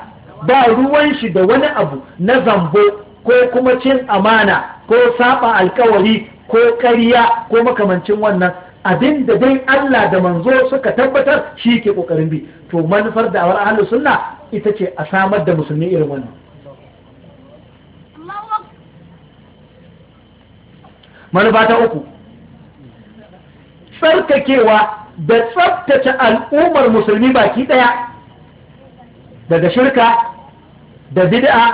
ba ruwan shi da wani abu na zambo ko kuma cin amana ko saba alkawari ko ƙarya ko makamancin wannan abin da dai Allah da manzo suka tabbatar shi ke ƙoƙarin bi to manufar da awar ahlus sunna ita ce a samar da musulmi irin wannan manufa ta uku tsarkakewa da tsabtace al'ummar musulmi baki ɗaya daga shirka da bid'a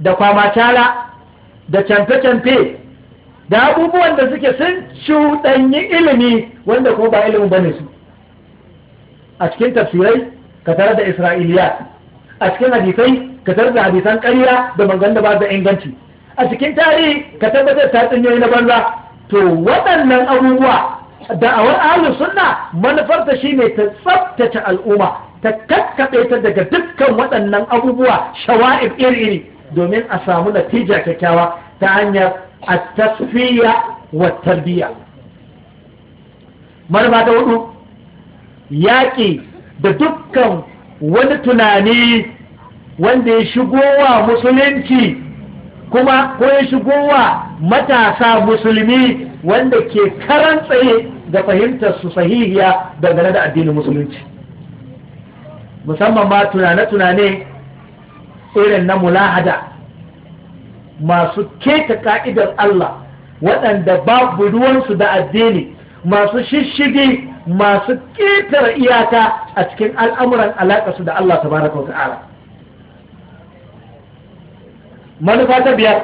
da kwamacala da canfe-canfe da abubuwan da suke sun cuɗanyi ilimi wanda kuma ba ilimin ne su a cikin tafsirai ka tare da isra'iliya a cikin hadisai ka tare da hadisan ƙarya da mangan ba da inganci a cikin tarihi ka tabbatar ta tsinyoyi na banza to waɗannan abubuwa da da'awar ahlus sunna manufarta shine ta tsaftace al'umma ta kakkaɓe ta daga dukkan waɗannan abubuwa shawa'ib iri-iri domin a samu natija kyakkyawa ta hanyar a tasfiya wa tarbiya marma ta hudu yaƙi da dukkan wani tunani wanda ya shigo wa musulunci kuma ko ya matasa musulmi wanda ke karan tsaye da fahimtar su sahihiya dangane da addinin musulunci musamman ma tunane-tunane irin na mulahada masu keta ka'idar Allah waɗanda babu ruwansu da addini masu shishshigi masu ƙetare iyaka a cikin al'amuran alaƙarsu da Allah tabaraka wa ta'ala manufa ta biyar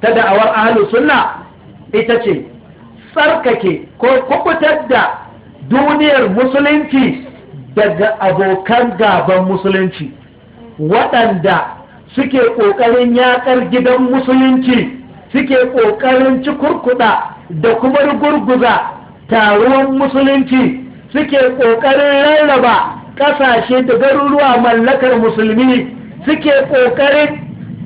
ta da'awar ahalu sunna ita ce tsarkake ko kubutar da duniyar musulunci daga abokan gaban musulunci waɗanda suke ƙoƙarin yaƙar gidan musulunci suke ƙoƙarin cikurkuɗa da kuma gurguza taruwan musulunci suke ƙoƙarin rarraba ƙasashe da garuruwa mallakar musulmi suke ƙoƙarin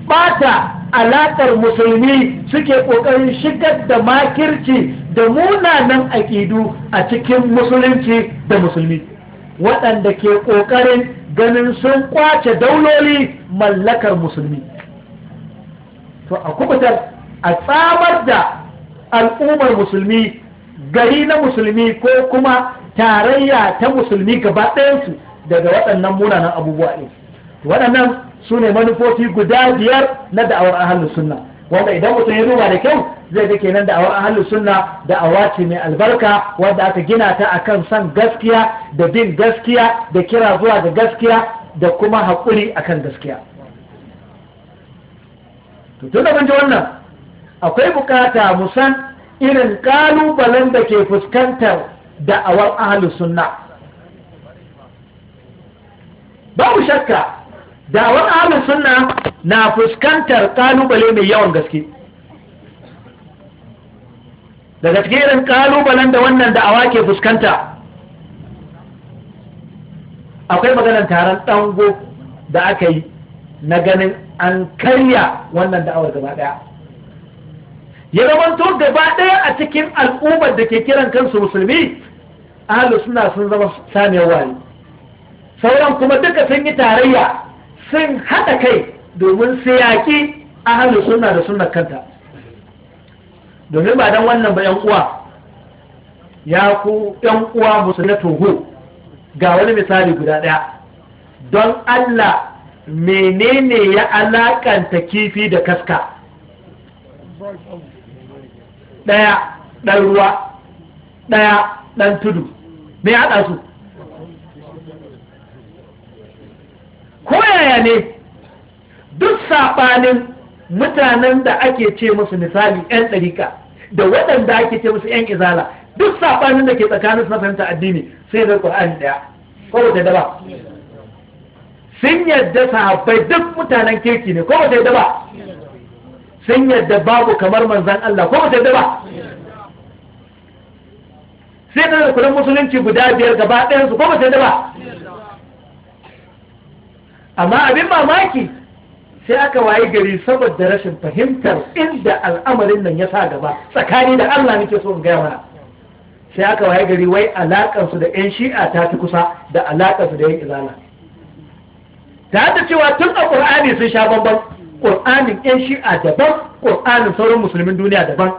bata alaƙar musulmi suke ƙoƙarin shigar da makirci da munanan aƙidu a cikin musulunci da musulmi waɗanda ke ƙoƙarin ganin sun ƙwace dauloli mallakar musulmi to a kubutar a tsamar da al'ummar musulmi gari na musulmi ko kuma tarayya ta musulmi gaba ɗayansu daga waɗannan munanan abubuwa ɗin waɗannan su ne manufofi guda biyar na da'awar ahalin sunna wanda idan mutum ya duba da kyau zai ga kenan da'awar suna sunna da'awa ce mai albarka wanda aka gina ta akan san gaskiya da bin gaskiya da kira zuwa ga gaskiya da kuma haƙuri akan gaskiya to tun da ji wannan akwai bukata mu san irin ƙalubalen da ke fuskantar da'awar ahalus sunna babu shakka da wani ahlus sunna na fuskantar kalubale mai yawan gaske daga cikin irin kalubalen da wannan awa ke fuskanta akwai maganar taron dango da aka yi na ganin an karya wannan da'awar gaba daya ya zamanto gaba daya a cikin al'ummar da ke kiran kansu musulmi ahlus sunna sun zama saniyar wari sauran kuma duka sun yi tarayya sun haɗa kai domin su yaƙi ahalin suna da sunan kanta domin ba don wannan ba 'yan uwa ya ku 'yan uwa musu na toho ga wani misali guda ɗaya don allah menene ya alakanta kifi da kaska ɗaya ɗan ruwa ɗaya ɗan tudu mai haɗa su koyaya ne duk saɓanin mutanen da ake ce musu misali 'yan ɗarika da waɗanda ake ce musu 'yan izala duk saɓanin da ke tsakanin su na fahimta addini sai da ƙur'ani ɗaya ko wata daba? sun yadda sahabbai duk mutanen kirki ne ko wata daba sun yadda babu kamar manzan Allah ko wata daba sai da kudan musulunci guda biyar gaba su ko wata daba amma abin mamaki sai aka waye gari saboda rashin fahimtar inda al'amarin nan ya sa gaba tsakani da Allah nake so in gaya mana sai aka waye gari wai alaƙarsu da 'yan shi'a ta fi kusa da alaƙarsu da 'yan izala ta da cewa tun a ƙur'ani sun sha bambam ƙur'anin 'yan shi'a daban ƙur'anin sauran musulmin duniya daban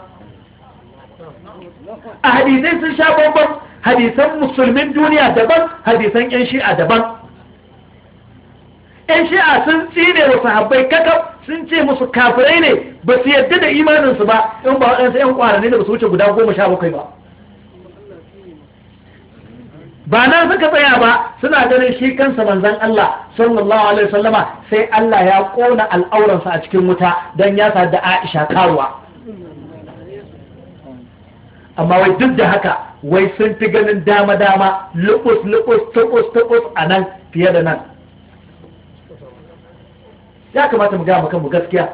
a hadisai sun sha bambam hadisan musulmin duniya daban hadisan 'yan shi'a daban yan shi'a sun tsine wa sahabbai kakaf sun ce musu kafirai ne ba su yadda da imaninsu ba in ba waɗansu yan ƙwararri da ba su wuce guda goma sha bakwai ba ba nan suka tsaya ba suna ganin shi kansa manzan Allah sallallahu alaihi wasallama sai Allah ya ƙona al'auransa a cikin wuta don ya sa da Aisha karuwa amma wai duk da haka wai sun fi ganin dama dama lubus lubus tukus tukus a nan fiye da nan ya kamata mu gaya kanmu gaskiya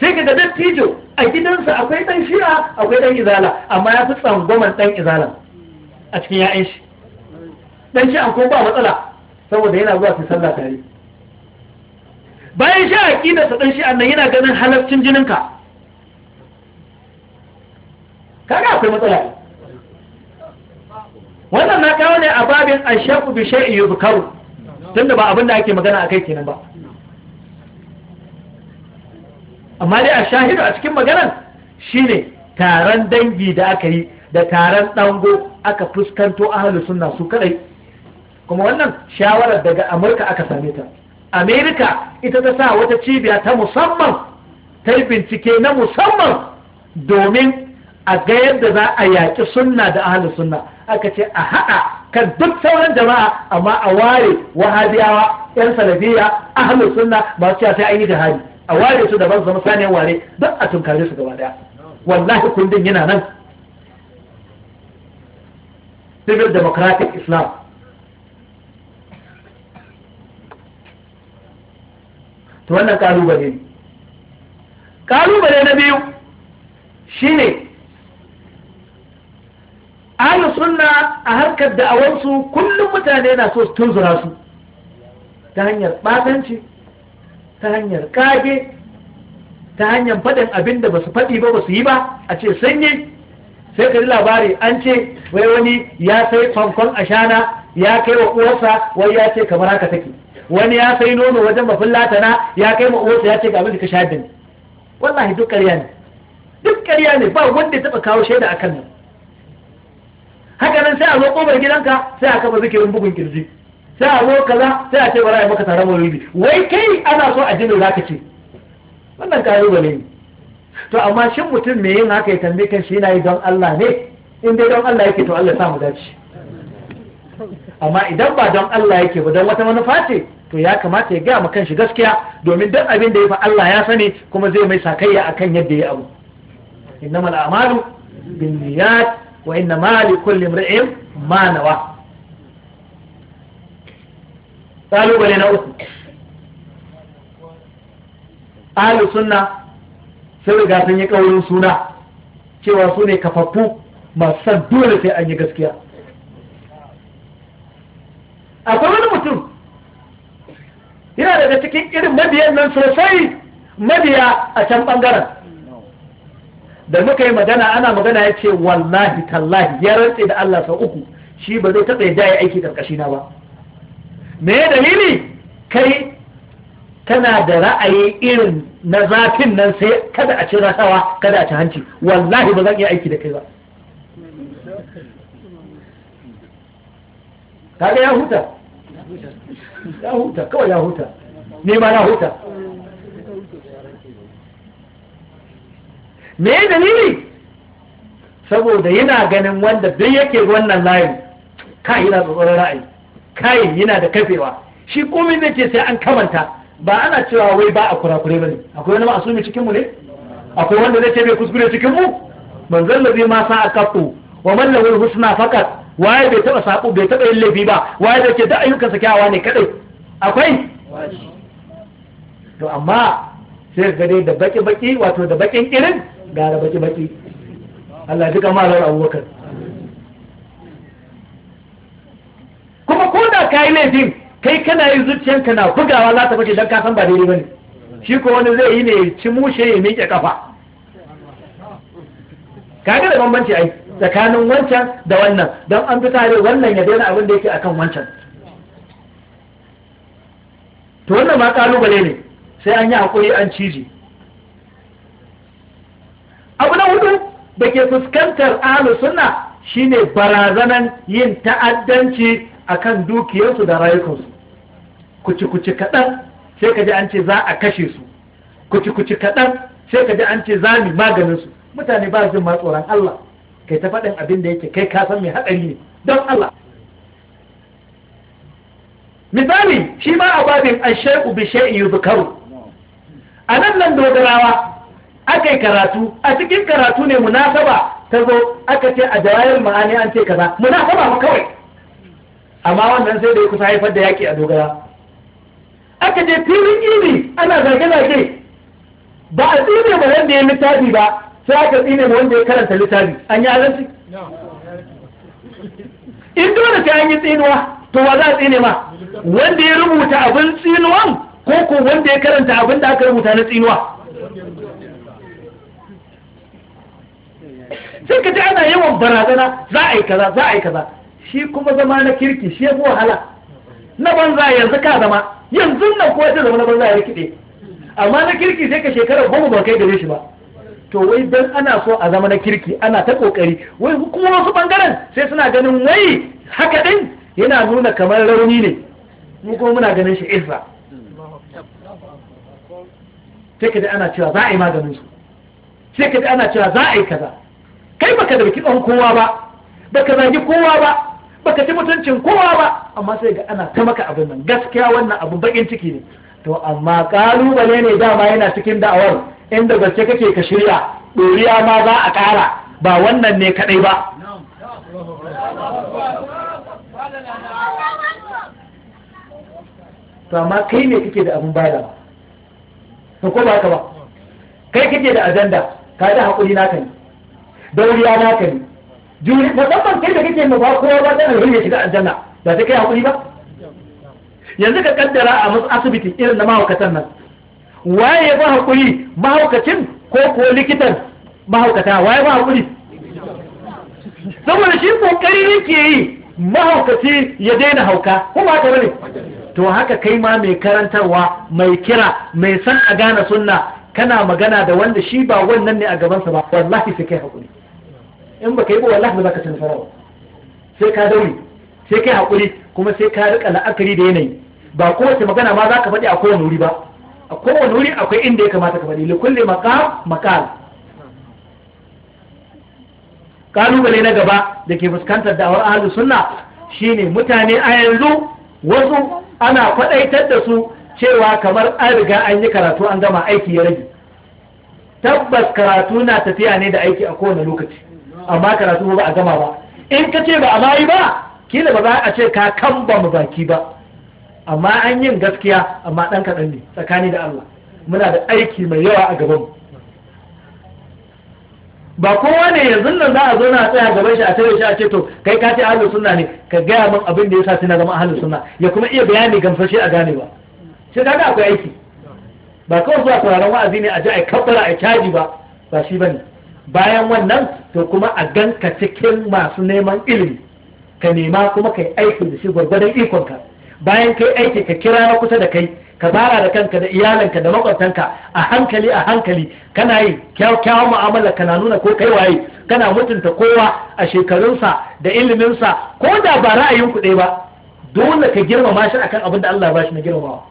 sai ga dattijo a gidansa akwai dan shi'a akwai dan izala amma ya fi tsangwaman dan izala a cikin ya'yan shi dan ko ba matsala saboda yana zuwa su sallah tare bayan shi'a kida sa dan shi'a nan yana ganin halarcin jininka kaga akwai matsala wannan na kawo ne a babin ashaku bi shay'in yuzkaru tunda ba abin da ake magana akai kenan ba amma dai a shahidu a cikin maganan shine taron dangi da aka yi da taron ɗango aka fuskanto ahalus sunna su kadai kuma wannan shawarar daga amurka aka same ta amerika ita ta sa wata cibiya ta musamman ta yi bincike na musamman domin a ga yadda za a yaƙi sunna da ahalus sunna aka ce a haɗa kan duk sauran jama'a amma a ware wahabiyawa 'yan salafiya suna sunna su cewa sai an yi jihadi a ware su daban ban zama saniyar ware don a tunkare su gaba daya wallahi kundin yana nan civil democratic islam to wannan kalubale ne kalubale na biyu ne. ahlu suna a harkar da'awarsu kullum mutane na so su tunzura su ta hanyar batanci ta hanyar kage ta hanyar faɗin abin da ba su faɗi ba ba su yi ba a ce sun sai ka ji labari an ce wai wani ya sai fankon ashana ya kai wa uwarsa wai ya ce kamar haka take wani ya sai nono wajen bafin latana ya kai ma uwarsa ya ce ga abin da ka sha ne wallahi duk ƙarya ne duk ƙarya ne ba wanda ya taɓa kawo shaida a kan nan haka nan sai a zo ƙofar gidanka sai a kafa zikirin bugun kirji sai a zo kaza sai a ce bara yi maka taron maulidi wai kai ana so a jini za ka ce wannan kalubale ne to amma shin mutum me yin haka ya tambaye kan shi yana yi don Allah ne in dai don Allah yake to Allah sa mu dace amma idan ba don Allah yake ba don wata manufa ce to ya kamata ya gaya ma kanshi gaskiya domin duk abin da ya fa Allah ya sani kuma zai mai sakayya akan yadda ya abu innamal a'malu binniyat wa innamal likulli imrin ma nawa kalubale na uku ahlu sunna sun riga sun yi ƙaurin suna cewa su ne kafaffu masu san dole sai an yi gaskiya akwai wani mutum yana daga cikin irin mabiyan nan sosai mabiya a can ɓangaren. da muka yi magana ana magana ya ce wallahi tallahi ya rantse da Allah sau uku shi ba zai taɓa ya aiki ƙarƙashi na ba me dalili kai tana da ra'ayi irin na zafin nan sai kada a ci rasawa kada a ci hanci wallahi ba zan iya aiki da kai ba kaga ya huta ya huta kawai ya huta ne ma ya huta me dalili saboda yana ganin wanda duk yake wannan layin ka yana tsoron ra'ayi kayan yana da kafewa shi komai zai ce sai an kamanta ba ana cewa wai ba a kurakure ne. akwai wani ma'asumi cikin mu ne akwai wanda zai ce bai kuskure cikin mu manzon zai ma sa a akafu wa man lahu husna fakat waye bai taba saƙo bai taba yin laifi ba waye da ke da ayyukansa kyawawa ne kadai akwai to amma sai ga dai da baki baki wato da bakin irin gara baki baki Allah duka malar abubakar ko da ka yi laifin kai kana yi zuciyanka na bugawa za ta fashe don kasan ba daidai ba ne, shi ko wani zai yi ne ci mushe ya miƙe kafa ga da bambanci ai tsakanin wancan da wannan don an fi tare wannan ya daina abin da yake akan wancan to wannan ma kalubale ne sai an yi hakuri an ciji abu na hudu da ke fuskantar ahlus sunna shine barazanan yin ta'addanci akan dukiyarsu da rayukansu kuci kuci kaɗan sai ka ji an ce za a kashe su kuci kuci kaɗan sai ka ji an ce za mu maganin su mutane ba jin ma tsoron Allah kai ta faɗin abin da yake kai ka san mai haɗari ne don Allah misali shi ma a babin ashai'u bi shay'in yuzkaru a nan nan dogarawa aka yi karatu a cikin karatu ne munasaba ta zo aka ce a jawayar ma'ani an ce kaza munasaba ma kawai amma wannan sai da ya kusa haifar da yaƙi a dogara aka je filin ilimi ana zage-zage ba a tsine ba wanda ya littafi ba sai aka tsine ba wanda ya karanta littafi an yi alasi in dole sai an yi tsinuwa to wa za a tsine ma wanda ya rubuta abin tsinuwan ko ko wanda ya karanta abin da aka rubuta na tsinuwa sai ka ji ana yawan barazana za a yi kaza za a yi kaza shi kuma zama na kirki shi ya fi wahala na banza yanzu ka zama yanzu nan ko ta zama na banza ya rikide amma na kirki sai ka shekarar goma ba kai gare shi ba to wai dan ana so a zama na kirki ana ta kokari wai kuma wasu bangaren sai suna ganin wai haka din yana nuna kamar rauni ne mu kuma muna ganin shi izza sai ka ana cewa za a yi maganin su sai ka ana cewa za a yi kaza kai baka da ɗan kowa ba baka zagi kowa ba baka ci mutuncin kowa ba amma sai ga ana ta maka abin nan gaskiya wannan abu bakin ciki ne to amma kalubale ne dama yana cikin da'awar inda gaske kake ka shirya doriya ma za a ƙara ba wannan ne kadai ba to amma kai ne kake da abin bada to ko ba ka ba kai kake da ajanda ka ji hakuri naka ne dauriya naka ne juri musamman kai da kake ba kowa ba dan alheri ya shiga aljanna ba ta kai hakuri ba yanzu ka kaddara a masu asibiti irin na mahaukatan nan waye ba hakuri mahaukacin ko ko likitan mahaukata waye ba hakuri saboda shi kokari yake yi mahaukaci ya daina hauka kuma haka bane to haka kai ma mai karantarwa mai kira mai san a gane sunna kana magana da wanda shi ba wannan ne a gabansa ba wallahi sai kai hakuri in baka yi ba wallahi ba za ka san farawa sai ka dauri sai kai hakuri kuma sai ka rika la'akari da yanayi ba kowace magana ma za ka faɗi a kowane wuri ba a kowane wuri akwai inda ya kamata ka faɗi li kulli maqam maqal kalubale na gaba da ke fuskantar da awar ahalu sunna shine mutane a yanzu wasu ana faɗaitar da su cewa kamar an riga an yi karatu an gama aiki ya rage tabbas karatu na tafiya ne da aiki a kowane lokaci amma karatu ba a gama ba in ka ce ba a bayi ba kila ba za a ce ka kan ba mu baki ba amma an yin gaskiya amma ɗan kaɗan ne tsakani da Allah muna da aiki mai yawa a gabanmu ba kowa ne yanzu nan za a zo na tsaya gaban shi a tare shi a ce to kai ka ce ahlus sunna ne ka gaya min abin da yasa tana zama ahlus sunna ya kuma iya bayani gamsashe a gane ba sai kaga akwai aiki ba kawai zuwa sauraron wa'azi ne a ji a kabbara a caji ba ba shi bane bayan wannan to kuma a ganka cikin masu neman ilimi ka nema kuma ka yi aiki da shi gwargwadon ikonka bayan ka yi aiki ka kira na kusa da kai ka bara da kanka da iyalanka da makwabtanka a hankali a hankali kana yi kyakkyawan mu'amala kana nuna ko kai waye kana mutunta kowa a shekarunsa da iliminsa ko da ba ra'ayin kuɗe ba dole ka girmama shi akan abin da Allah ya bashi na girmamawa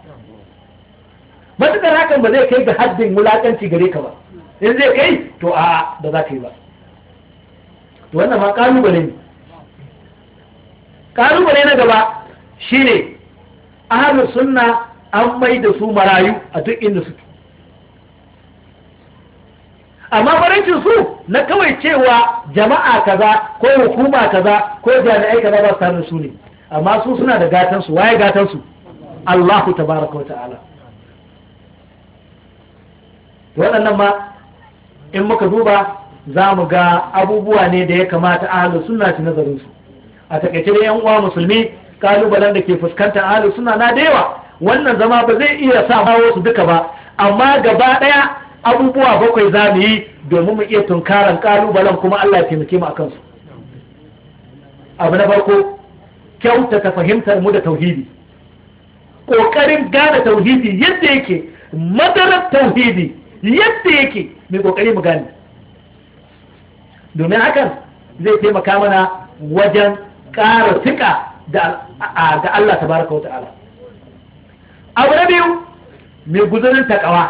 matukar hakan ba zai kai ga haddin wulakanci gare ka ba in zai kai to a da za ka yi ba to wannan ma kalubale ne kalubale na gaba shi ne ahlus sunna an mai da su marayu a duk inda suke amma farancin su na kawai cewa jama'a kaza ko hukuma kaza ko jami'ai kaza ba su su ne amma su suna da gatan su waye gatan su Allahu tabaraka wata'ala waɗannan ma in muka duba za mu ga abubuwa ne da ya kamata ahalus suna ci nazarinsu. a takaice da yan uwa musulmi kalubalen da ke fuskantar ahalus suna na da yawa wannan zama ba zai iya sa hawo su duka ba amma gaba ɗaya abubuwa bakwai za mu yi domin mu iya tunkaran kalubalen kuma Allah ya taimake mu a kansu. abu na farko kyautata fahimtar mu da tauhidi Ƙoƙarin gane tauhidi yadda yake madarar tauhidi yadda yake mai ƙoƙari mu gane domin hakan zai taimaka mana wajen ƙara tuƙa ga Allah tabaraka wa ta'ala abu na biyu mai guzurin takawa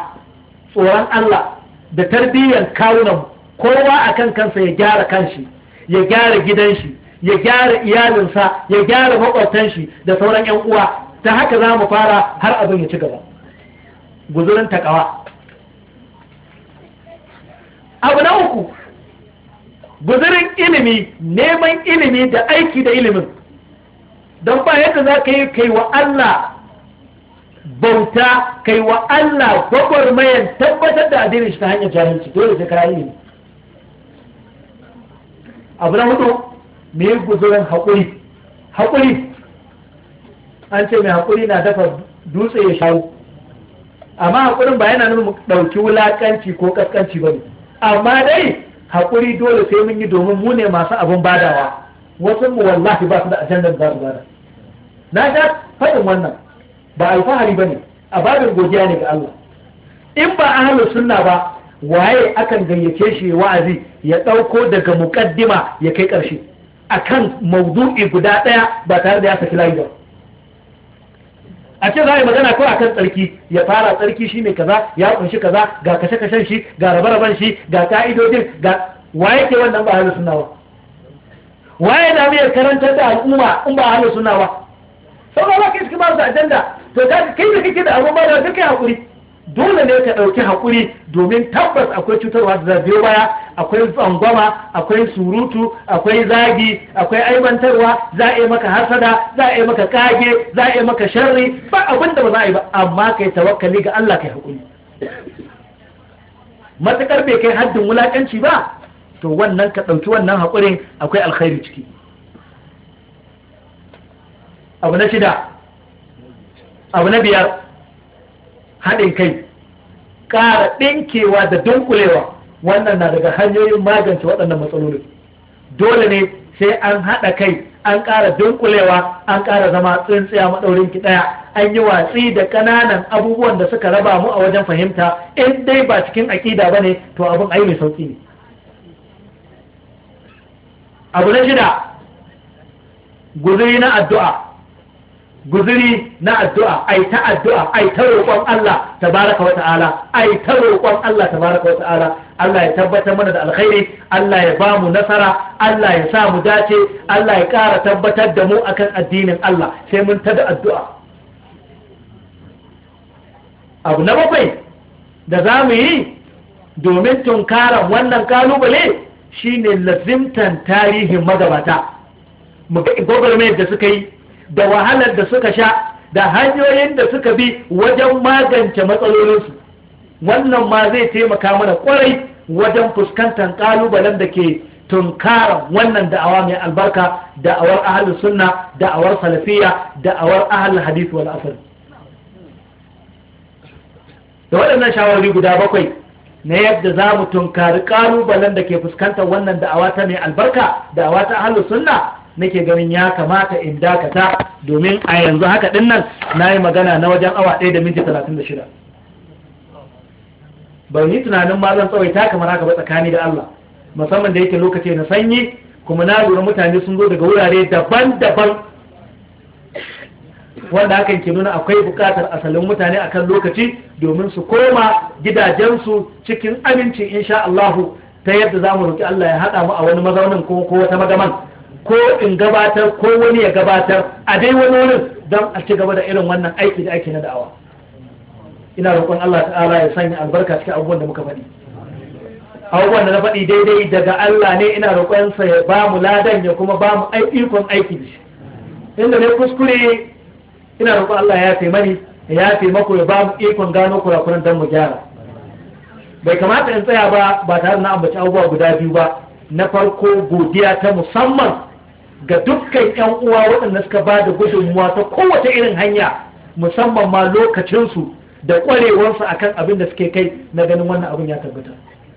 tsoron Allah da tarbiyyar kawunan kowa a kan kansa ya gyara kanshi ya gyara gidanshi ya gyara iyalinsa ya gyara makwabtanshi da sauran 'yan uwa ta haka za mu fara har abin ya ci gaba guzurin takawa abu na uku guzurin ilimi neman ilimi da aiki da ilimin don ba yadda za ka yi kai wa Allah bauta kai wa Allah gwagwarmayan tabbatar da addinin shi ta hanyar jahilci dole sai kara ilimi abu na hudu me guzurin haƙuri haƙuri an ce mai haƙuri na dafa dutse ya shawo amma haƙurin ba yana nuna ɗauki wulaƙanci ko ƙasƙanci ba ne amma dai haƙuri dole sai mun yi domin mu ne masu abin badawa wasu mu wallahi ba su da ajandar za su bada na ga faɗin wannan ba alfahari ba ne a babin godiya ne ga Allah in ba a ahalu sunna ba waye akan gayyace shi wa'azi ya ɗauko daga muƙaddima ya kai ƙarshe akan maudu'i guda ɗaya ba tare da ya saki layi ba a ce za a yi magana ko akan tsarki ya fara tsarki shi ne kaza ya kunshi kaza ga kashe-kashen shi ga rabe-raben shi ga ka'idodin ga waye ke wannan ba halin sunna ba waye da ya karanta da al'umma in ba halin sunawa? ba sai ba ka iska ba su ajanda to kai da kake da abubuwa da duka hakuri dole ne ka ɗauki haƙuri domin tabbas akwai cutarwa da zabe baya akwai tsangwama akwai surutu akwai zagi akwai aibantarwa za a yi maka hasada za a yi maka kage za a yi maka sharri ba abin ba za a yi ba amma kai tawakkali ga Allah kai haƙuri matukar bai kai haddin wulaƙanci ba to wannan ka ɗauki wannan haƙurin akwai alkhairi ciki abu na shida abu na biyar haɗin kai ƙara ɗinkewa da dunkulewa wannan na daga hanyoyin magance waɗannan matsalolin dole ne sai an haɗa kai an ƙara dunkulewa an ƙara zama tsintsiya maɗaurin ki ɗaya an yi watsi da ƙananan abubuwan da suka raba mu a wajen fahimta in dai ba cikin aƙida ba ne to abin ai mai sauƙi ne abu na shida guzuri na addu'a guzuri na addu'a ai ta addu'a ai ta roƙon Allah tabaraka wa ta'ala ai ta roƙon Allah tabaraka wa ta'ala Allah ya tabbatar mana da alkhairi Allah ya ba mu nasara Allah ya sa mu dace Allah ya ƙara tabbatar da mu akan addinin Allah sai mun ta da addu'a abu na bakwai da za mu yi domin tunkaran wannan kalubale shine lazimtan tarihin magabata mu ga gwagwarmayar da suka yi da wahalar da suka sha da hanyoyin da suka bi wajen magance matsalolinsu wannan ma zai taimaka mana kwarai wajen fuskantar kalubalen da ke tunkara wannan da'awa mai albarka da'awar ahalin sunna da'awar salafiya da'awar ahalin hadith wal da waɗannan shawarwari guda bakwai na yadda za mu tunkari ƙalubalen da ke fuskantar wannan da'awa ta mai albarka da'awa ta ahalin sunna nake ganin ya kamata in dakata domin a yanzu haka din nan na yi magana na wajen awa ɗaya da minti talatin da shida ban yi tunanin ma zan tsawaita kamar haka ba tsakani da Allah musamman da yake lokaci na sanyi kuma na lura mutane sun zo daga wurare daban-daban wanda hakan ke nuna akwai bukatar asalin mutane akan lokaci domin su koma gidajensu cikin aminci insha Allahu ta yadda za mu roƙi Allah ya haɗa mu a wani mazaunin ko wata magaman ko in gabatar ko wani ya gabatar a dai wani wurin don a ci gaba da irin wannan aiki da ake na da'awa ina roƙon Allah ta'ala ya sanya albarka cikin abubuwan da muka faɗi abubuwan da na faɗi daidai daga Allah ne ina roƙon sa ya ba mu ladan ya kuma ba mu ikon aiki da shi inda ne kuskure ina roƙon Allah ya yafe mani ya yafe mako ya ba mu ikon gano kurakuran don mu gyara bai kamata in tsaya ba ba tare na ambaci abubuwa guda biyu ba na farko godiya ta musamman ga dukkan 'yan uwa waɗanda suka ba da gudunmuwa ta kowace irin hanya musamman ma lokacinsu da ƙwarewarsu kan abin da suke kai na ganin wannan abin ya tabbata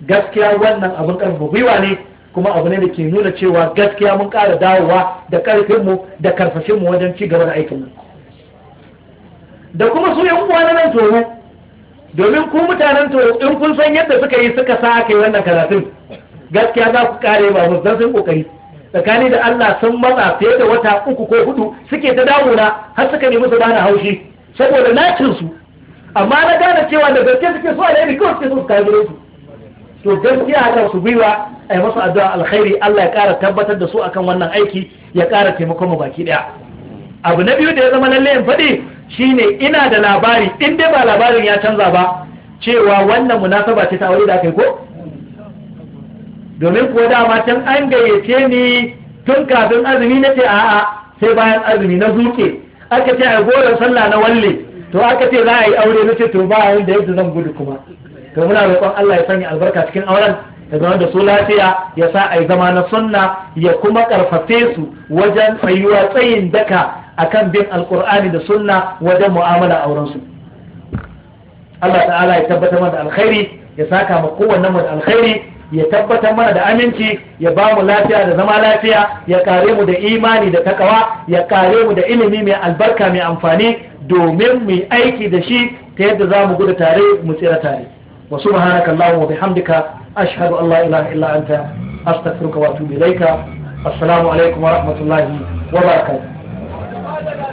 gaskiya wannan abin ƙarfi gwiwa ne kuma abu ne da ke nuna cewa gaskiya mun ƙara dawowa da ƙarfinmu da karfashinmu wajen ci gaba da aikinmu da kuma su yan uwa na nan tsoro domin ku mutanen tsoro in kun san yadda suka yi suka sa aka yi wannan karatun gaskiya za ku ƙare ba mu zan sun ƙoƙari tsakani da Allah sun matsa fiye da wata uku ko hudu suke ta damuna har suka nemi su bana haushi saboda nacinsu. amma na gane cewa da gaske suke so a alheri kawai suke so su kai su to gaskiya hakan su gwiwa a yi masu addu'a alkhairi Allah ya kara tabbatar da su akan wannan aiki ya kara taimakon mu baki ɗaya abu na biyu da ya zama lalle in faɗi shine ina da labari in dai ba labarin ya canza ba cewa wannan munasaba ce ta aure da aka yi ko domin kuwa dama can an gayyace ni tun kafin azumi na ce a'a sai bayan azumi na zuke aka ce a goron sallah na walle to aka ce za a yi aure na ce to ba yayin da yadda zan gudu kuma to muna roƙon Allah ya sanya albarka cikin auren ya zama da su lafiya ya sa a yi zama na sunna ya kuma karfafe su wajen tsayuwa tsayin daka akan bin alkur'ani da sunna wajen mu'amala auren su Allah ta'ala ya tabbatar da alkhairi ya saka ma kowanne mu da alkhairi ya tabbatar mana da aminci ya ba mu lafiya da zama lafiya ya kare mu da imani da takawa ya kare mu da ilimi mai albarka mai amfani domin mu aiki da shi ta yadda za mu gudu tare mu tsira tare wa subhanaka allahumma bihamdika ashhadu an la ilaha illa anta astaghfiruka wa atubu ilaika assalamu alaikum wa rahmatullahi wa barakatuh